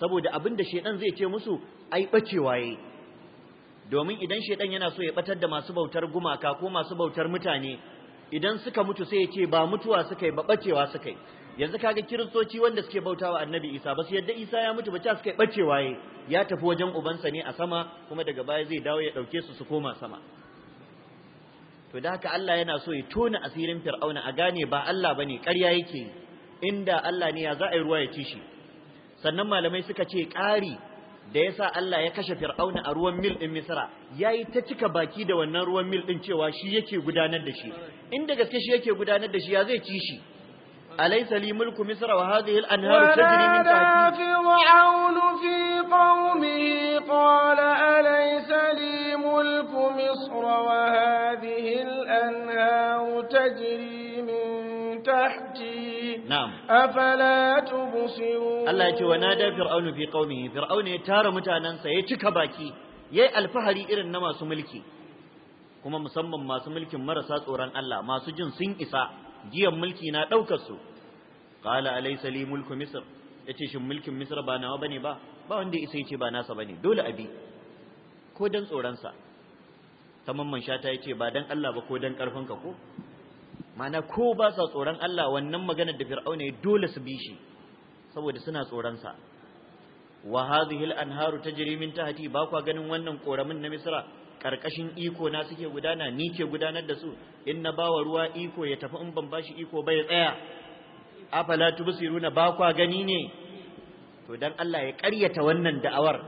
saboda abin da shaidan zai ce musu ai bacewa yayi domin idan shedan yana so ya batar da masu bautar gumaka ko masu bautar mutane idan suka mutu sai ya ce ba mutuwa suka yi ba bacewa suka yi yanzu kaga kiristoci wanda suke bautawa annabi isa ba su yadda isa ya mutu ba ta suka yi bacewa yayi ya tafi wajen ubansa ne a sama kuma daga baya zai dawo ya dauke su su koma sama to da haka Allah yana so ya tona asirin fir'auna a gane ba Allah bane ƙarya yake inda Allah ne ya za a yi ruwa ya ci shi sannan malamai suka ce ƙari da yasa Allah ya kashe Fir'auna a ruwan mil ɗin Misra yayi ta cika baki da wannan ruwan mil ɗin cewa shi yake gudanar da shi inda gaske shi yake gudanar da shi ya zai ci shi أليس لي ملك مصر وهذه الأنهار تجري من تحتي فرعون في قومه قال أليس لي ملك مصر وهذه الأنهار تجري من تحتي na'am Allah ya ce wa da fir'aunu fi qaumihi fir'aunu ya tara mutanansa ya cika baki yayi alfahari irin na masu mulki kuma musamman masu mulkin marasa tsoron Allah masu jin sun isa giyan mulki na daukar su qala alaysa li mulku misr yace shin mulkin misr ba nawa bane ba ba wanda isa yace ba nasa bane dole abi ko dan tsoron sa ta mamman shata yace ba dan Allah ba ko dan karfin ka ko mana ko ba sa tsoron Allah wannan maganar da fir'auna ya dole su bi shi saboda suna tsoron sa wa hadhihi al-anharu tajri min tahti ba kwa ganin wannan koramin na Misra karkashin iko na suke gudana ni ke gudanar da su in na bawa ruwa iko ya tafi in ban bashi iko bai tsaya afala tubsiruna ba kwa gani ne to dan Allah ya ƙaryata wannan da'awar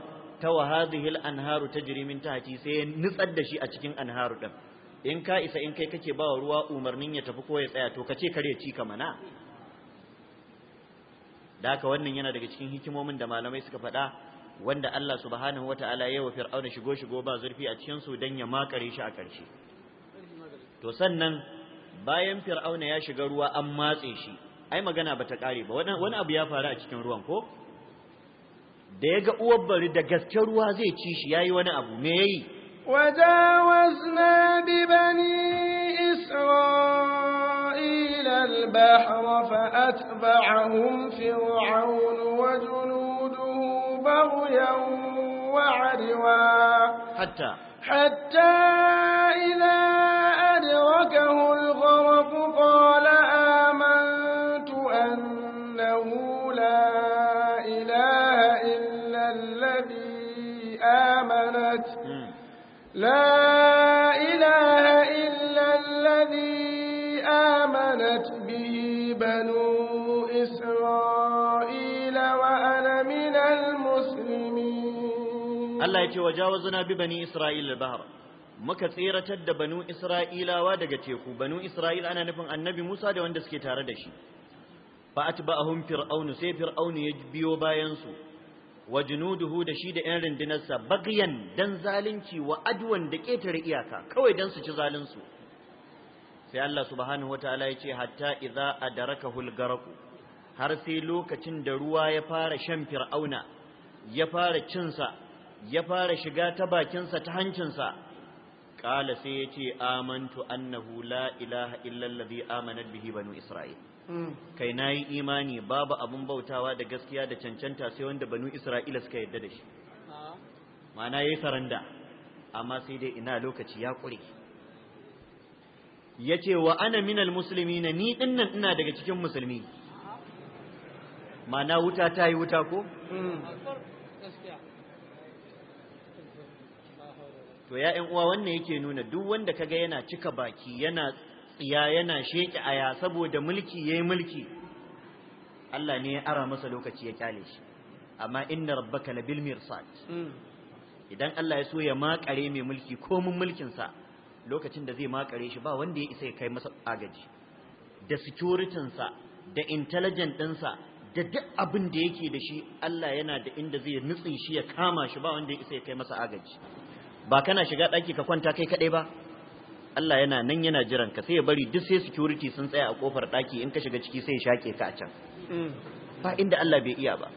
ta wa hadhihi al-anharu tajri min tahti sai ya nutsar da shi a cikin anharu din in ka isa in kai kake bawa ruwa umarnin ya tafi ko ya tsaya to kace kare ci ka mana da haka wannan yana daga cikin hikimomin da malamai suka faɗa wanda Allah subhanahu wata'ala ya wa fir'auna shigo shigo ba zurfi a cikin su dan ya makare shi a ƙarshe to sannan bayan fir'auna ya shiga ruwa an matse shi ai magana bata kare ba wani abu ya faru a cikin ruwan ko da ya ga uwar bari da gaske ruwa zai ci shi yayi wani abu me yayi وجاوزنا ببني إسرائيل البحر فأتبعهم فرعون وجنوده بغيا وعدوا حتى حتى إذا أدركه الغرق قال لا إله إلا الذي آمنت به بنو إسرائيل وأنا من المسلمين الله يتي وجاوزنا ببني إسرائيل البحر muka tseratar da banu isra'ilawa daga teku banu isra'il ana nufin annabi musa da wanda suke tare da shi fa atba'ahum fir'aunu sai fir'aunu ya biyo bayan su wa junuduhu da shi da ƴan rundunarsa bagyan dan zalunci wa adwan da ƙetare iyaka kawai dan su ci zalunsu sai Allah subhanahu wataala ya ce hatta idza adrakahu al har sai lokacin da ruwa ya fara shan fir'auna ya fara cinsa ya fara shiga ta bakinsa ta hancinsa qala sai ya ce amantu annahu la ilaha illa allazi amanat bihi banu isra'il Mm. kai yi imani babu abun bautawa da gaskiya da cancanta sai wanda banu isra'ila suka yadda da shi ah. ma'ana yi saranda amma sai dai ina lokaci ya ya ce wa ana minal na ni dinnan ina daga cikin musulmi ma'ana wuta ta yi wuta ko mm. to ya uwa wannan yake nuna duk wanda kaga yana cika baki yana ya yana sheƙi aya saboda mulki yayi mulki Allah ne ya ara masa lokaci ya kyale shi amma inna rabbaka labil mirsad hmm. idan Allah ya so ya makare mai mulki komin mulkin sa lokacin da zai makare shi ba wanda ya isa ya kai masa agaji da securitin sa da intelligent ɗinsa da duk abin da yake da shi Allah yana da inda zai nutsi shi ya kama shi ba wanda ya isa ya kai masa agaji ba kana shiga ɗaki ka kwanta kai kaɗai ba Allah yana nan yana jiran ka sai ya bari duk sai security sun tsaya a kofar daki in ka shiga ciki sai ya shake ka a can mm. ba inda Allah bai iya ba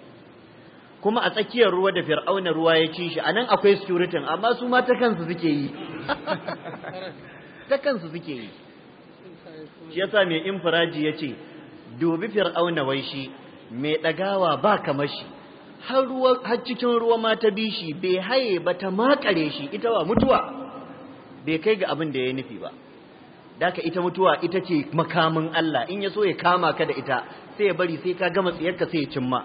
kuma a tsakiyar ruwa da fir'auna ruwa ya ci shi anan akwai security amma su ma ta kansu suke yi ta kansu suke yi shi yasa mai infiraji ya ce dubi fir'auna wai shi mai ɗagawa ba kamar shi har cikin ruwa ma ta bi shi bai haye ba ta makare shi ita wa mutuwa bai kai ga abin da ya nufi ba daka ita mutuwa ita ce makamin Allah in ya so ya kama ka da ita sai ya bari sai ka gama tsiyarka sai ya cimma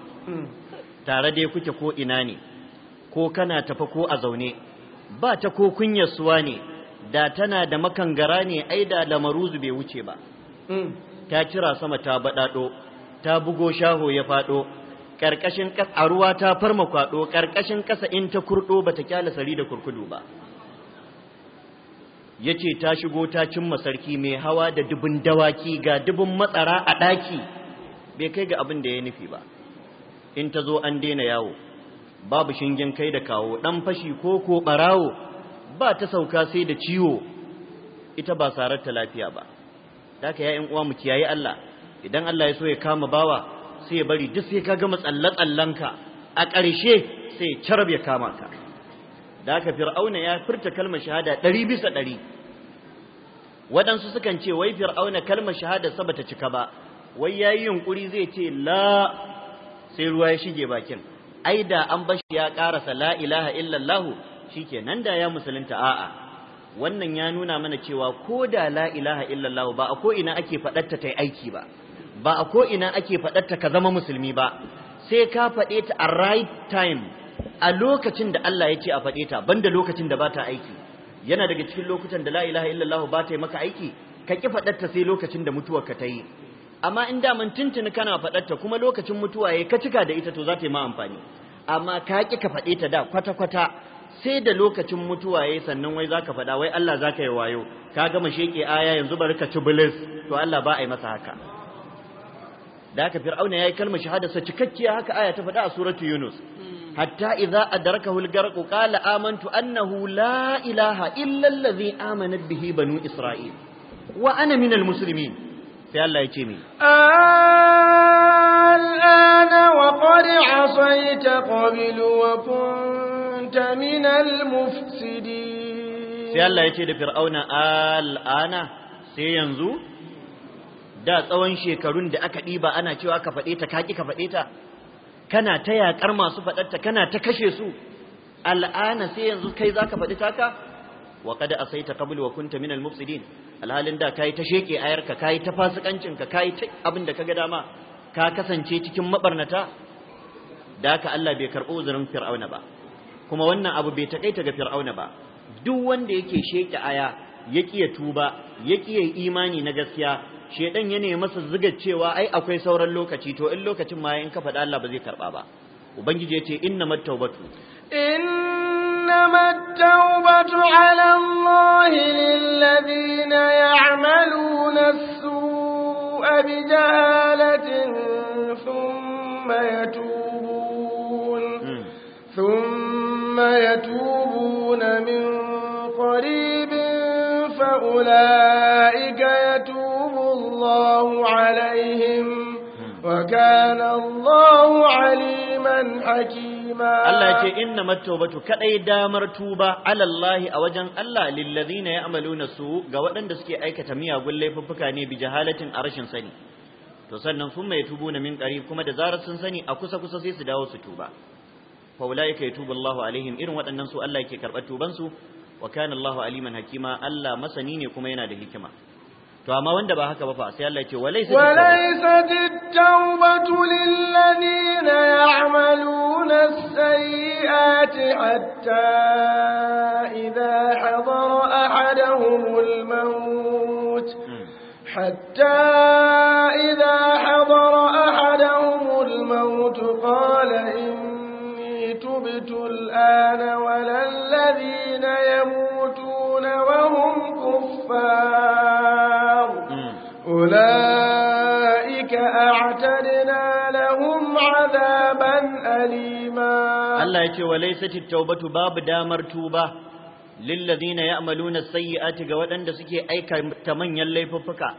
tare dai kuke ko ina ne ko kana tafa ko a zaune ba ta ko kunyar suwa ne da tana da makangara ne ai da lamaruzu bai wuce ba ta kira sama ta baɗaɗo ta bugo shaho ya faɗo ƙarƙashin ƙasa a ruwa ta farma kwaɗo ƙarƙashin ƙasa in ta kurɗo ba ta kyala sari da kurkudu ba ya ce ta shigo ta cimma sarki mai hawa da dubin dawaki ga dubin matsara a ɗaki bai kai ga abin da ya nufi ba in ta zo an daina yawo babu shingen kai da kawo ɗan fashi ko ko ɓarawo ba ta sauka sai da ciwo ita ba sarar ta lafiya ba da ka ya'yan uwa mu kiyaye Allah idan Allah ya so ya kama bawa sai ya bari duk sai ka gama tsalle-tsallenka a ƙarshe sai ya carab ya kama ka da aka fir'auna ya furta kalmar shahada ɗari bisa ɗari waɗansu sukan ce wai fir'auna kalmar shahada sa bata cika ba wai yayi yunkuri zai ce la sai ruwa ya shige bakin ai da an bashi ya karasa la ilaha illallah shikenan da ya musulunta a'a wannan ya nuna mana cewa ko da la ilaha illallah ba a ko ake faɗarta ta aiki ba ba a ko ake faɗarta ka zama musulmi ba sai ka faɗe ta a right time a lokacin da Allah ya ce a faɗe ta banda lokacin da ba ta aiki yana daga cikin lokutan da la ilaha illallah ba ta yi maka aiki ka ki faɗar ta sai lokacin da mutuwar ka ta yi amma in da mun tuntuni kana faɗar ta kuma lokacin mutuwa ya ka cika da ita to za ta yi ma amfani amma ka ki ka faɗe ta da kwata kwata sai da lokacin mutuwa yayi sannan wai zaka faɗa wai Allah zaka yi wayo ka gama sheke aya yanzu bari ka ci bilis to Allah ba a yi masa haka da haka fir'auna yayi kalmar shahada sa cikakkiya haka aya ta faɗa a suratul yunus hatta idza adrakahu al-gharq qala amantu annahu la ilaha illa allazi amanat bihi banu isra'il wa ana minal muslimin sai ce mi al'ana wa qad asayta qablu wa kunta minal mufsidin sai ce da fir'auna al'ana sai yanzu da tsawon shekarun da aka ɗiba ana cewa aka faɗe ta kaki ka faɗe ta kana ta yaƙar masu faɗarta kana ta kashe su al'ana sai yanzu kai za ka faɗi taka wa kada kad ta kabul wa kunta minal mufsidin alhalin da kai ta sheke ayarka kai ta fasikancin ka kai ta abin da kaga dama ka kasance cikin mabarnata da ka Allah bai karɓo uzurin fir'auna ba kuma wannan abu bai takaita ga fir'auna ba duk wanda yake sheke aya ya ya tuba yaki ya imani na gaskiya shedan ya nemi masa ziga cewa ai akwai sauran lokaci to in lokacin ma in ka faɗa Allah ba zai karba ba ubangiji yace innamat tawbatu innamat tawbatu ala Allah lilladhina ya'maluna as-su'a jahalatin thumma yatubun hmm. thumma yatubuna min qaribin fa الله عليهم وكان الله عليما حكيما الله يكي إنما التوبة كأي دامر توبة على الله su الله للذين يعملون السوء قوانا دسكي أي كتمية أقول لي فبكاني بجهالة أرشن sani to sannan sun mai tubu na min kuma da zarar sun sani a kusa kusa sai su dawo su tuba fa ulaika yatubu Allahu alaihim irin waɗannan su Allah yake karɓar tuban su wa kana Allahu aliman hakima Allah masani ne kuma yana da hikima to amma wanda ba haka ba fa sai Allah ya ce walaysa walaysa at-tawbatu lil ladina ya'maluna as-sayyi'ati hatta idha hadara ahaduhum al-maut hatta Allah ya ce wa laysati tawbatu babu damar tuba lillazina ya'maluna sayyi'ati ga waɗanda suke aika ta manyan laifuffuka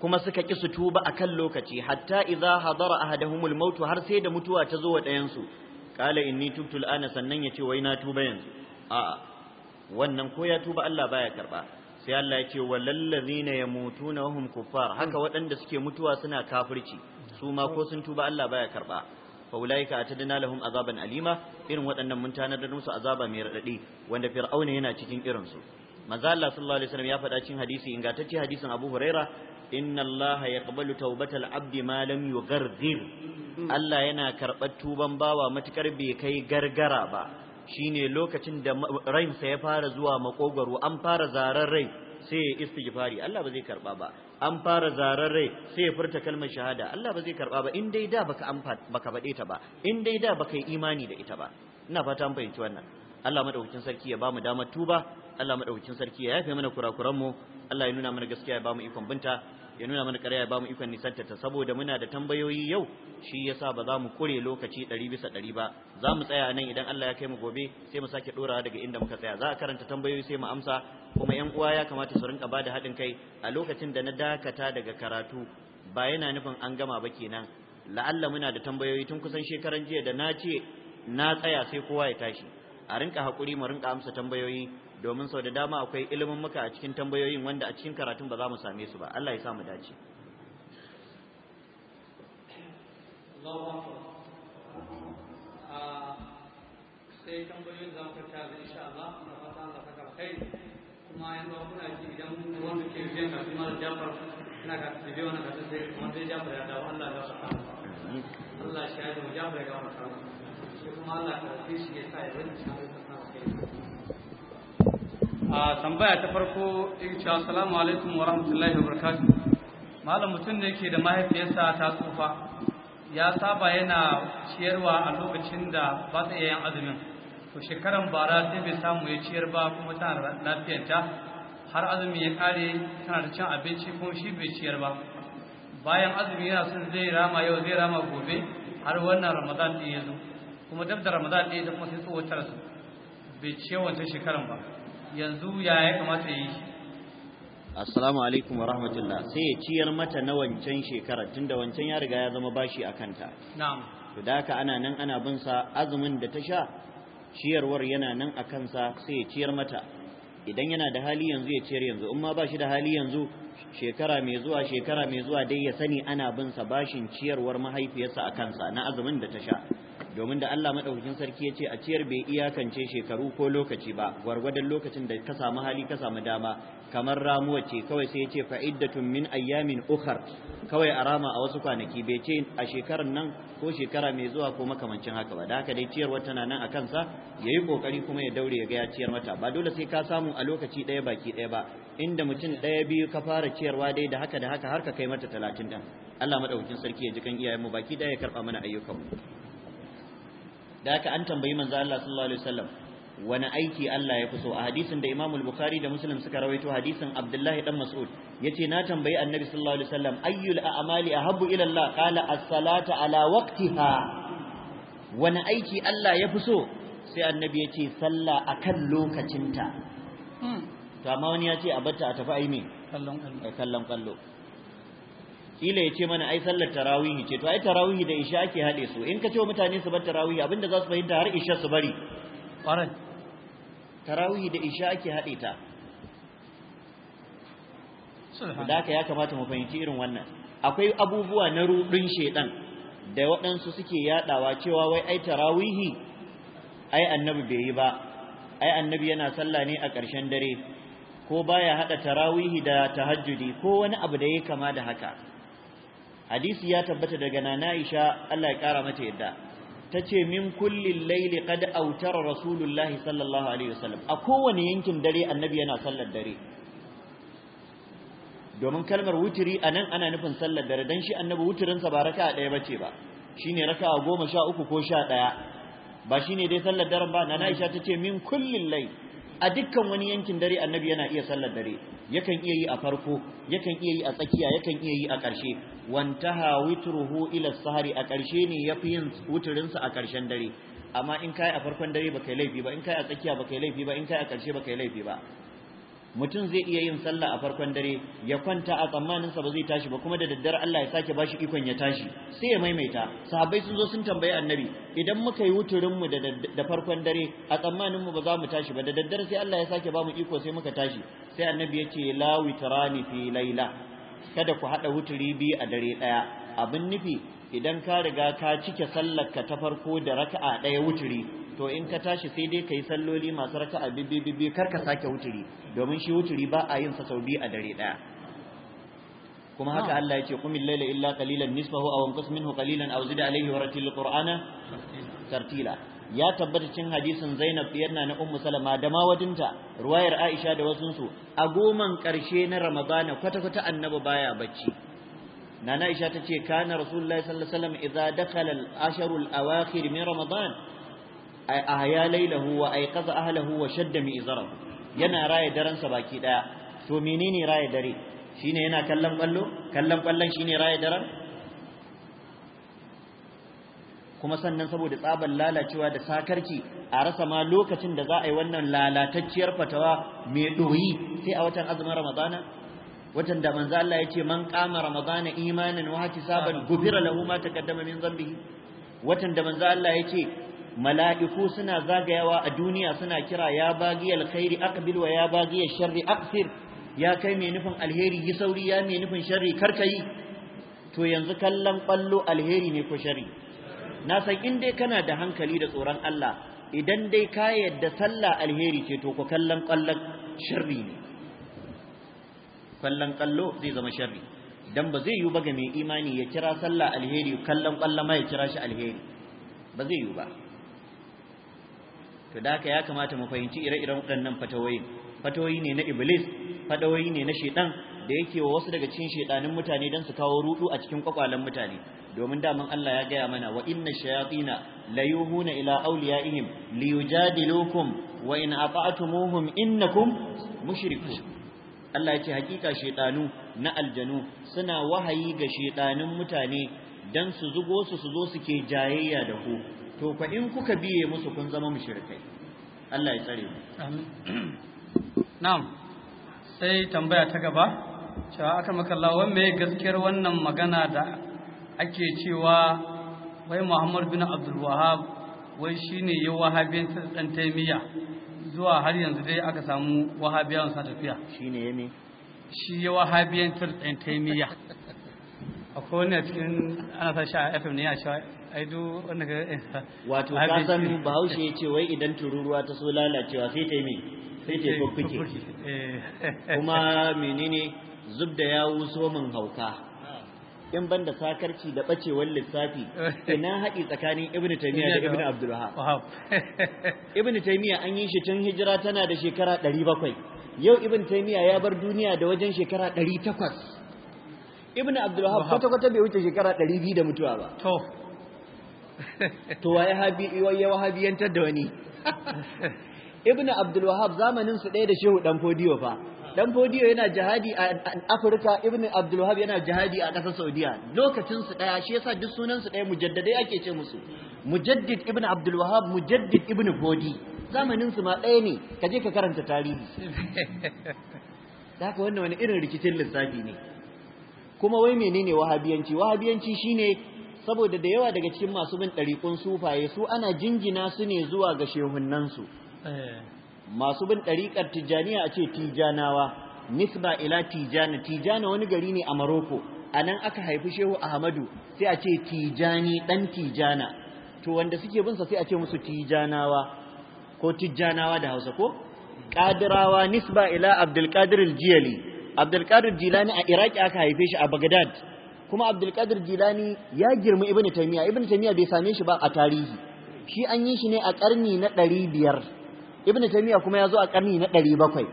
kuma suka ki su tuba akan lokaci hatta idza hadara ahaduhumul maut har sai da mutuwa ta zo wa ɗayan su qala inni tubtu al'ana sannan yace wai na tuba yanzu a wannan ko ya tuba Allah baya karba sai Allah ya walallazina yamutuna wahum kuffar haka waɗanda suke mutuwa suna kafirci su ma ko sun tuba Allah baya karba fa ulaika atadna azaban alima irin waɗannan mun tanadar musu azaba mai radadi wanda fir'auna yana cikin irin su manzo Allah sallallahu alaihi wasallam ya faɗa cikin hadisi ingantacce hadisin Abu Huraira inna Allah yaqbalu tawbatal abdi ma lam yugharghir Allah yana karɓar tuban bawa matukar bai kai gargara ba shine lokacin da ransa ya fara zuwa makogwaro an fara zarar rai sai ya istighfari Allah ba zai karba ba an fara zarar rai sai ya furta kalmar shahada Allah ba zai karba ba in dai da baka amfa baka bade ta ba in dai da baka yi imani da ita ba ina fata an fahimci wannan Allah madaukakin sarki ya bamu damar tuba Allah madaukakin sarki ya yafe mana kurakuran mu Allah ya nuna mana gaskiya ya bamu ikon binta ya nuna mana karya ya ba mu ikon nisanta ta saboda muna da tambayoyi yau shi yasa ba za mu kure lokaci ɗari bisa ɗari ba za mu tsaya nan idan Allah ya kai mu gobe sai mu sake ɗorawa daga inda muka tsaya za a karanta tambayoyi sai mu amsa kuma yan uwa ya kamata su rinka bada haɗin kai a lokacin da na dakata daga karatu ba yana nufin an gama ba kenan la'alla muna da tambayoyi tun kusan shekaran jiya da na ce na tsaya sai kowa ya tashi a rinka haƙuri mu rinka amsa tambayoyi domin sau da dama akwai ilimin muka a cikin tambayoyin wanda a cikin karatun ba za mu same su ba Allah ya sa mu dace ah, sai tambayoyin za mu tattara insha Allah na fata Allah ta kai kuma yanzu kuna ji idan wanda ke biyan ka kuma da jafar ina ka tsibe na ka sai kuma sai jafar ya dawo Allah ya saka Allah shi ya mu jafar ya ga wannan shi kuma Allah ka tsibe shi ya sa ya rinci ka kai a tambaya ta farko insha eh, assalamu alaikum wa rahmatullahi wa barakatuh malam mutum da yake da mahaifiyarsa ta tsufa ya saba yana ciyarwa a lokacin da ba ta yayin azumin to shekaran bara sai bai samu ya ciyar ba kuma tana lafiyarta har azumi ya kare tana da cin abinci kuma shi bai ciyar ba bayan azumi yana son zai rama yau zai rama gobe har wannan ramadan din ya zo kuma dab da ramadan din ta kuma sai tsohuwar bai ciyar wancan shekaran ba yanzu ya ya kamata yi assalamu alaikum wa rahmatullah sai ya ciyar mata na wancan shekarar tunda wancan ya riga ya zama bashi a kanta to da haka ana nan ana bin sa azumin da ta sha ciyarwar yana nan a kansa sai ya ciyar mata idan yana da hali yanzu ya ciyar yanzu in ma ba shi da hali yanzu shekara mai zuwa shekara mai zuwa dai ya sani ana bin sa bashin ciyarwar mahaifiyarsa a kansa na azumin da ta sha domin da Allah madaukakin sarki ya ce a ciyar bai iyakance shekaru ko lokaci ba gwargwadon lokacin da ka samu hali ka samu dama kamar ramuwa ce kawai sai ya ce fa'iddatun min ayyamin ukhar kawai a rama a wasu kwanaki bai ce a shekarar nan ko shekara mai zuwa ko makamancin haka ba da haka dai ciyar wata nan a kansa yayi kokari kuma ya daure ya ga ya ciyar mata ba dole sai ka samu a lokaci ɗaya baki ɗaya ba inda mutum ɗaya biyu ka fara ciyarwa dai da haka da haka har ka kai mata talatin ɗin Allah madaukakin sarki ya ji kan iyayenmu baki ɗaya ya karɓa mana ayyukanmu da aka an tambayi manzo Allah sallallahu alaihi wasallam wani aiki Allah ya fi a hadisin da Imam al-Bukhari da Muslim suka rawaito hadisin Abdullah dan Mas'ud yace na tambayi Annabi sallallahu alaihi wasallam ayyul a'mali ahabbu ila Allah qala as-salatu ala waqtiha wani aiki Allah ya fi so sai Annabi yace sallah akan lokacinta hmm. to amma wani yace a batta a tafi aimi kallon kallo eh, kila ya ce mana ai sallar tarawihi ce to ai tarawihi da isha ake haɗe su in ka ce mutane su bar tarawihi abinda za su fahimta har isha su bari ƙwarai tarawihi da isha ake haɗe ta da haka ya kamata mu fahimci irin wannan akwai abubuwa na ruɗin shaidan da waɗansu suke yaɗawa cewa wai ai tarawihi ai annabi bai yi ba ai annabi yana sallah ne a ƙarshen dare ko baya haɗa tarawihi da tahajjudi ko wani abu da ya kama da haka hadisi ya tabbata daga nana Aisha Allah ya kara mata yadda tace min kullin layli qad awtara rasulullahi sallallahu alaihi wasallam a kowane yankin dare annabi yana sallar dare domin kalmar wutiri anan ana nufin sallar dare dan shi annabi wutirin sa ba raka daya bace ba shine raka'a 13 ko 11 ba shine dai sallar dare ba nana Aisha ce min kullin layli a dukkan wani yankin dare annabi yana iya sallar dare yakan iya yi a farko yakan iya yi a tsakiya yakan iya yi a ƙarshe wantaha witruhu ila sahari a ƙarshe ne yafi yin wuturinsa a ƙarshen dare amma in kai a farkon dare baka laifi ba in kai a tsakiya baka laifi ba in kai a ƙarshe baka laifi ba mutum zai iya yin sallah a farkon dare ya kwanta a tsammanin sa ba zai tashi ba kuma da daddare Allah ya sake shi ikon ya tashi sai ya maimaita sahabbai sun zo sun tambayi annabi idan muka yi wuturinmu da farkon dare a tsammaninmu ba za mu tashi ba da daddare sai Allah ya sake ba mu iko sai muka tashi sai annabi ya ce la witrani fi laila kada ku haɗa wuturi biyu a dare ɗaya abin nufi idan ka riga ka cike sallarka ta farko da raka'a ɗaya wuturi to in ka tashi sai dai ka yi salloli masu raka'a biyu-biyu-biyu kar ka sake wuturi domin shi wuturi ba a yin sa sau biyu a dare ɗaya kuma haka Allah ya ce qumil layla illa qalilan nisfahu aw anqus minhu qalilan aw zid alayhi waratil qur'ana tartila ya tabbata cin hadisin Zainab ya na Ummu Salama da ma wajinta ruwayar Aisha da wasunsu a goman karshe na Ramadana kwata-kwata annabi baya bacci Nana Aisha ta ce kana Rasulullahi sallallahu alaihi wasallam idza dakhala al Ai al-awakhir min Ramadan ahya laylahu wa ayqaza ahlihi wa shadda mi'zarahu yana raye daren sa baki daya to menene raye dare shine yana kallon ballo kallon ballon shine raye daren kuma sannan saboda tsaban lalacewa da sakarci, a rasa ma lokacin da za a yi wannan lalatacciyar fatawa mai doyi sai a watan azumin ramadana watan da manzo Allah ya ce man qama ramadana imanan wa hisaban gufira lahu ma taqaddama min dhanbihi watan da manzo Allah ya ce mala'iku suna zagayawa a duniya suna kira ya bagiyal khairi aqbil wa ya bagiyal sharri aqsir ya kai mai nufin alheri yi sauri ya mai nufin shari karka yi to yanzu kallon ƙwallo alheri ne ko shari na san in dai kana da hankali da tsoron Allah idan dai ka yadda sallah alheri ce to ko kallon ƙwallon shari ne kallon ƙwallo zai zama shari dan ba zai yi ba ga mai imani ya kira sallah alheri kallon ƙwallo ma ya kira shi alheri ba zai yi ba to da ka ya kamata mu fahimci ire-iren waɗannan fatawoyin fatawoyi ne na iblis fadawoyi ne na shedan da yake wa wasu daga cikin shedanin mutane don su kawo rudu a cikin kwakwalen mutane domin daman Allah ya gaya mana wa inna shayatina layuhuna ila awliyaihim liyujadilukum wa in ata'tumuhum innakum mushrikun Allah ya hakika shedanu na aljanu suna wahayi ga shedanin mutane dan su zugo su su zo suke jayayya da ku to fa in kuka biye musu kun zama mushrikai Allah ya tsare mu amin [clears throat] sai tambaya ta gaba cewa aka makalla mai gaskiyar wannan magana da ake cewa wai muhammad bin abdul wai shi ne ya wahabin ɗan taimiyya zuwa har yanzu dai aka samu wahabiyan sa tafiya ne ya ne shi ya wahabiyan ɗan taimiyya akwai wani a cikin ana sa shi a fm ne ya cewa ai duk wanda ga wato kasan bahaushe ya ce wai idan tururuwa ta so lalacewa sai ta yi sai ce fuffuke kuma menene zub da wuso min hauka in ban da sakarci da bacewar lissafi ina haɗi tsakanin ibnu taymiya da ibnu abdullah ibnu taymiya an yi shi tun hijira tana da shekara 700 yau ibnu taymiya ya bar duniya da wajen shekara 800 ibnu abdullah kwata kwata bai wuce shekara 200 da mutuwa ba to to waye habi waye wahabiyantar da wani [laughs] ibn abdul wahab zamanin su ɗaya da shehu dan fodiyo fa dan fodiyo yana jihadi a afirka ibn abdul wahab yana jihadi a ƙasar saudiya lokacin su ɗaya shi yasa duk sunan su ɗaya mujaddadai ake ce musu mujaddid ibn abdul wahab mujaddid ibn fodi zamanin su ma ɗaya ne ka je ka karanta tarihi haka wannan wani irin rikicin lissafi ne kuma wai menene wahabiyanci wahabiyanci shine saboda da yawa daga cikin masu bin ɗariƙun sufaye su ana jingina su ne zuwa ga shehunnansu masu bin ɗariƙar tijjaniya a ce tijjanawa nisba ila tijjana tijjana wani gari ne a maroko a nan aka haifi shehu ahmadu sai a ce tijjani ɗan tijjana to wanda suke binsa sai a ce musu tijjanawa ko tijjanawa da hausa ko ƙadirawa nisba ila abdulkadir jiyali abdulkadir jilani a iraki aka haife shi a bagdad kuma abdulkadir jilani ya girma ibn taymiya ibn taymiya bai same shi ba a tarihi shi an yi shi ne a ƙarni na ɗari biyar ibnu taymiya kuma ya zo a karni na 700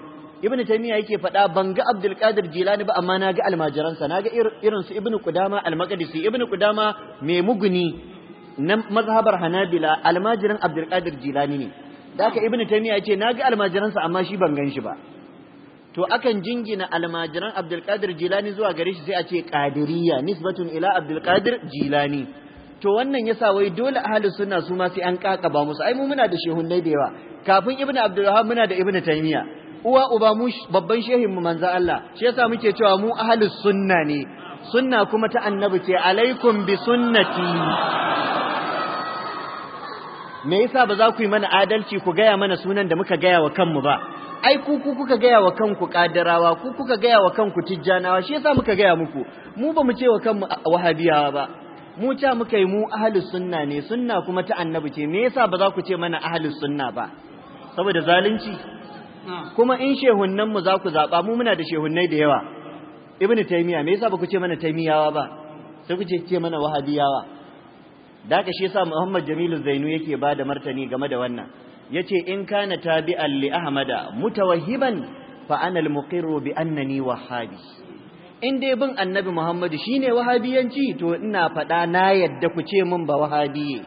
ibnu taymiya yake faɗa ban ga abdul qadir jilani ba amma na ga almajiransa na irin su ibn qudama al ibn qudama mai muguni na mazhabar hanabila almajiran abdul qadir jilani ne da haka taymiya yace na ga almajiransa amma shi ban gan shi ba to akan jingina almajiran abdulkadir jilani zuwa gare shi sai a ce qadiriyya nisbatun ila abdulkadir jilani to wannan yasa wai dole ahlus sunna su ma sai an kakaba musu ai mu muna da dai da yawa kafin ibnu Abdullahi muna da ibnu taymiya uwa uba mu babban shehin mu manzo Allah shi yasa muke cewa mu ahlus sunna ne sunna kuma ta annabi ce alaikum bi sunnati me yasa ba za ku yi mana adalci ku gaya mana sunan da muka gaya wa kanmu ba ai ku ku kuka gaya wa kanku kadarawa ku kuka gaya wa kanku tijjanawa shi yasa muka gaya muku mu ba mu ce wa kanmu wahabiyawa ba mu ta muka yi mu ahlus sunna ne sunna kuma ta annabi ce me yasa ba za ku ce mana ahlus sunna ba saboda zalunci kuma in shehunnan mu za ku zaɓa mu muna da shehunnai da yawa ibnu taymiya me yasa ba ku ce mana taymiyawa ba sai ku ce ce mana wahabiyawa da ka shi yasa muhammad jamilu zainu yake ba da martani game da wannan yace in kana tabi'an li ahmada mutawahhiban fa ana al-muqirru bi annani wahabi in dai bin annabi muhammadu shine wahabiyanci to ina faɗa na yadda ku ce min ba wahabiye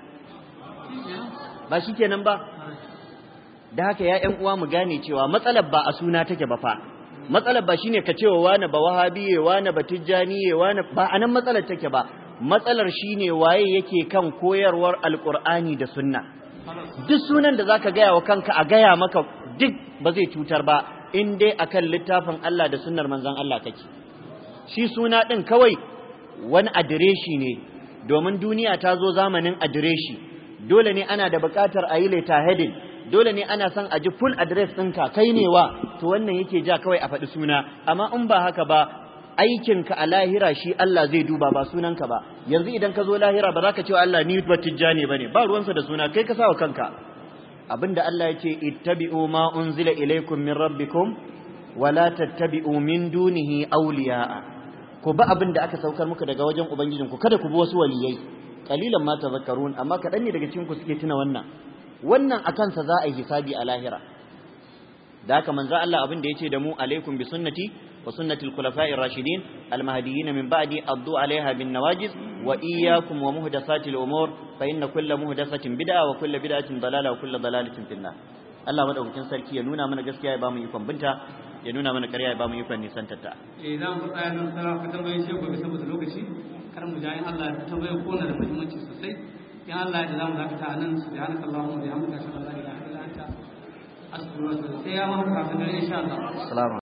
ba shikenan ba da haka ya ƴan uwa mu gane cewa matsalar ba a suna take ba fa matsalar ba shine ka cewa wani ba wahabiye wani ba tijjaniye wani ba anan matsalar take ba matsalar shine waye yake kan koyarwar alqur'ani da sunna duk sunan da zaka gaya wa kanka a gaya maka duk ba zai cutar ba in dai akan littafin Allah da sunnar manzon Allah kake shi suna ɗin kawai wani adireshi ne domin duniya ta zo zamanin adireshi dole ne ana da buƙatar a yi leta dole ne ana son a ji full address ɗinka kai ne wa to wannan yake ja kawai a faɗi suna amma in ba haka ba aikinka a lahira shi Allah zai duba ba sunanka ba yanzu idan ka zo lahira ba za ka ce Allah ni ba tijjani bane ba ruwansa da suna kai ka sawa kanka abinda Allah ya ce ittabi'u ma unzila ilaykum min rabbikum wala tattabi'u min dunihi awliya'a ku ba abin da aka saukar muku daga wajen ubangijinku kada ku bi wasu waliyai kalilan ma tazakkarun amma kaɗan ne daga cikin ku suke tuna wannan wannan a kansa za a yi hisabi a lahira da haka manzo Allah abin da yace da mu alaikum bi sunnati wa sunnati al-khulafa'ir rashidin al-mahdiyyin min ba'di addu 'alayha bin nawajiz wa iyyakum wa muhdathatil umur fa inna kulla muhdathatin bid'a wa kulla bid'atin dalala wa kulla dalalatin finna. Allah madaukakin sarki ya nuna mana gaskiya ya ba mu ikon binta ya nuna mana ƙarya ya ba bamu ikon nisan tatta eh za mu tsaya nan sai ka tambaye shi gobe saboda lokaci kar mu ja in Allah ta tambaye ko na da muhimmanci sosai in Allah da zamu dakata nan subhanaka allahumma wa bihamdika ashhadu an la ilaha illa anta astaghfiruka wa atubu ilayk insha Allah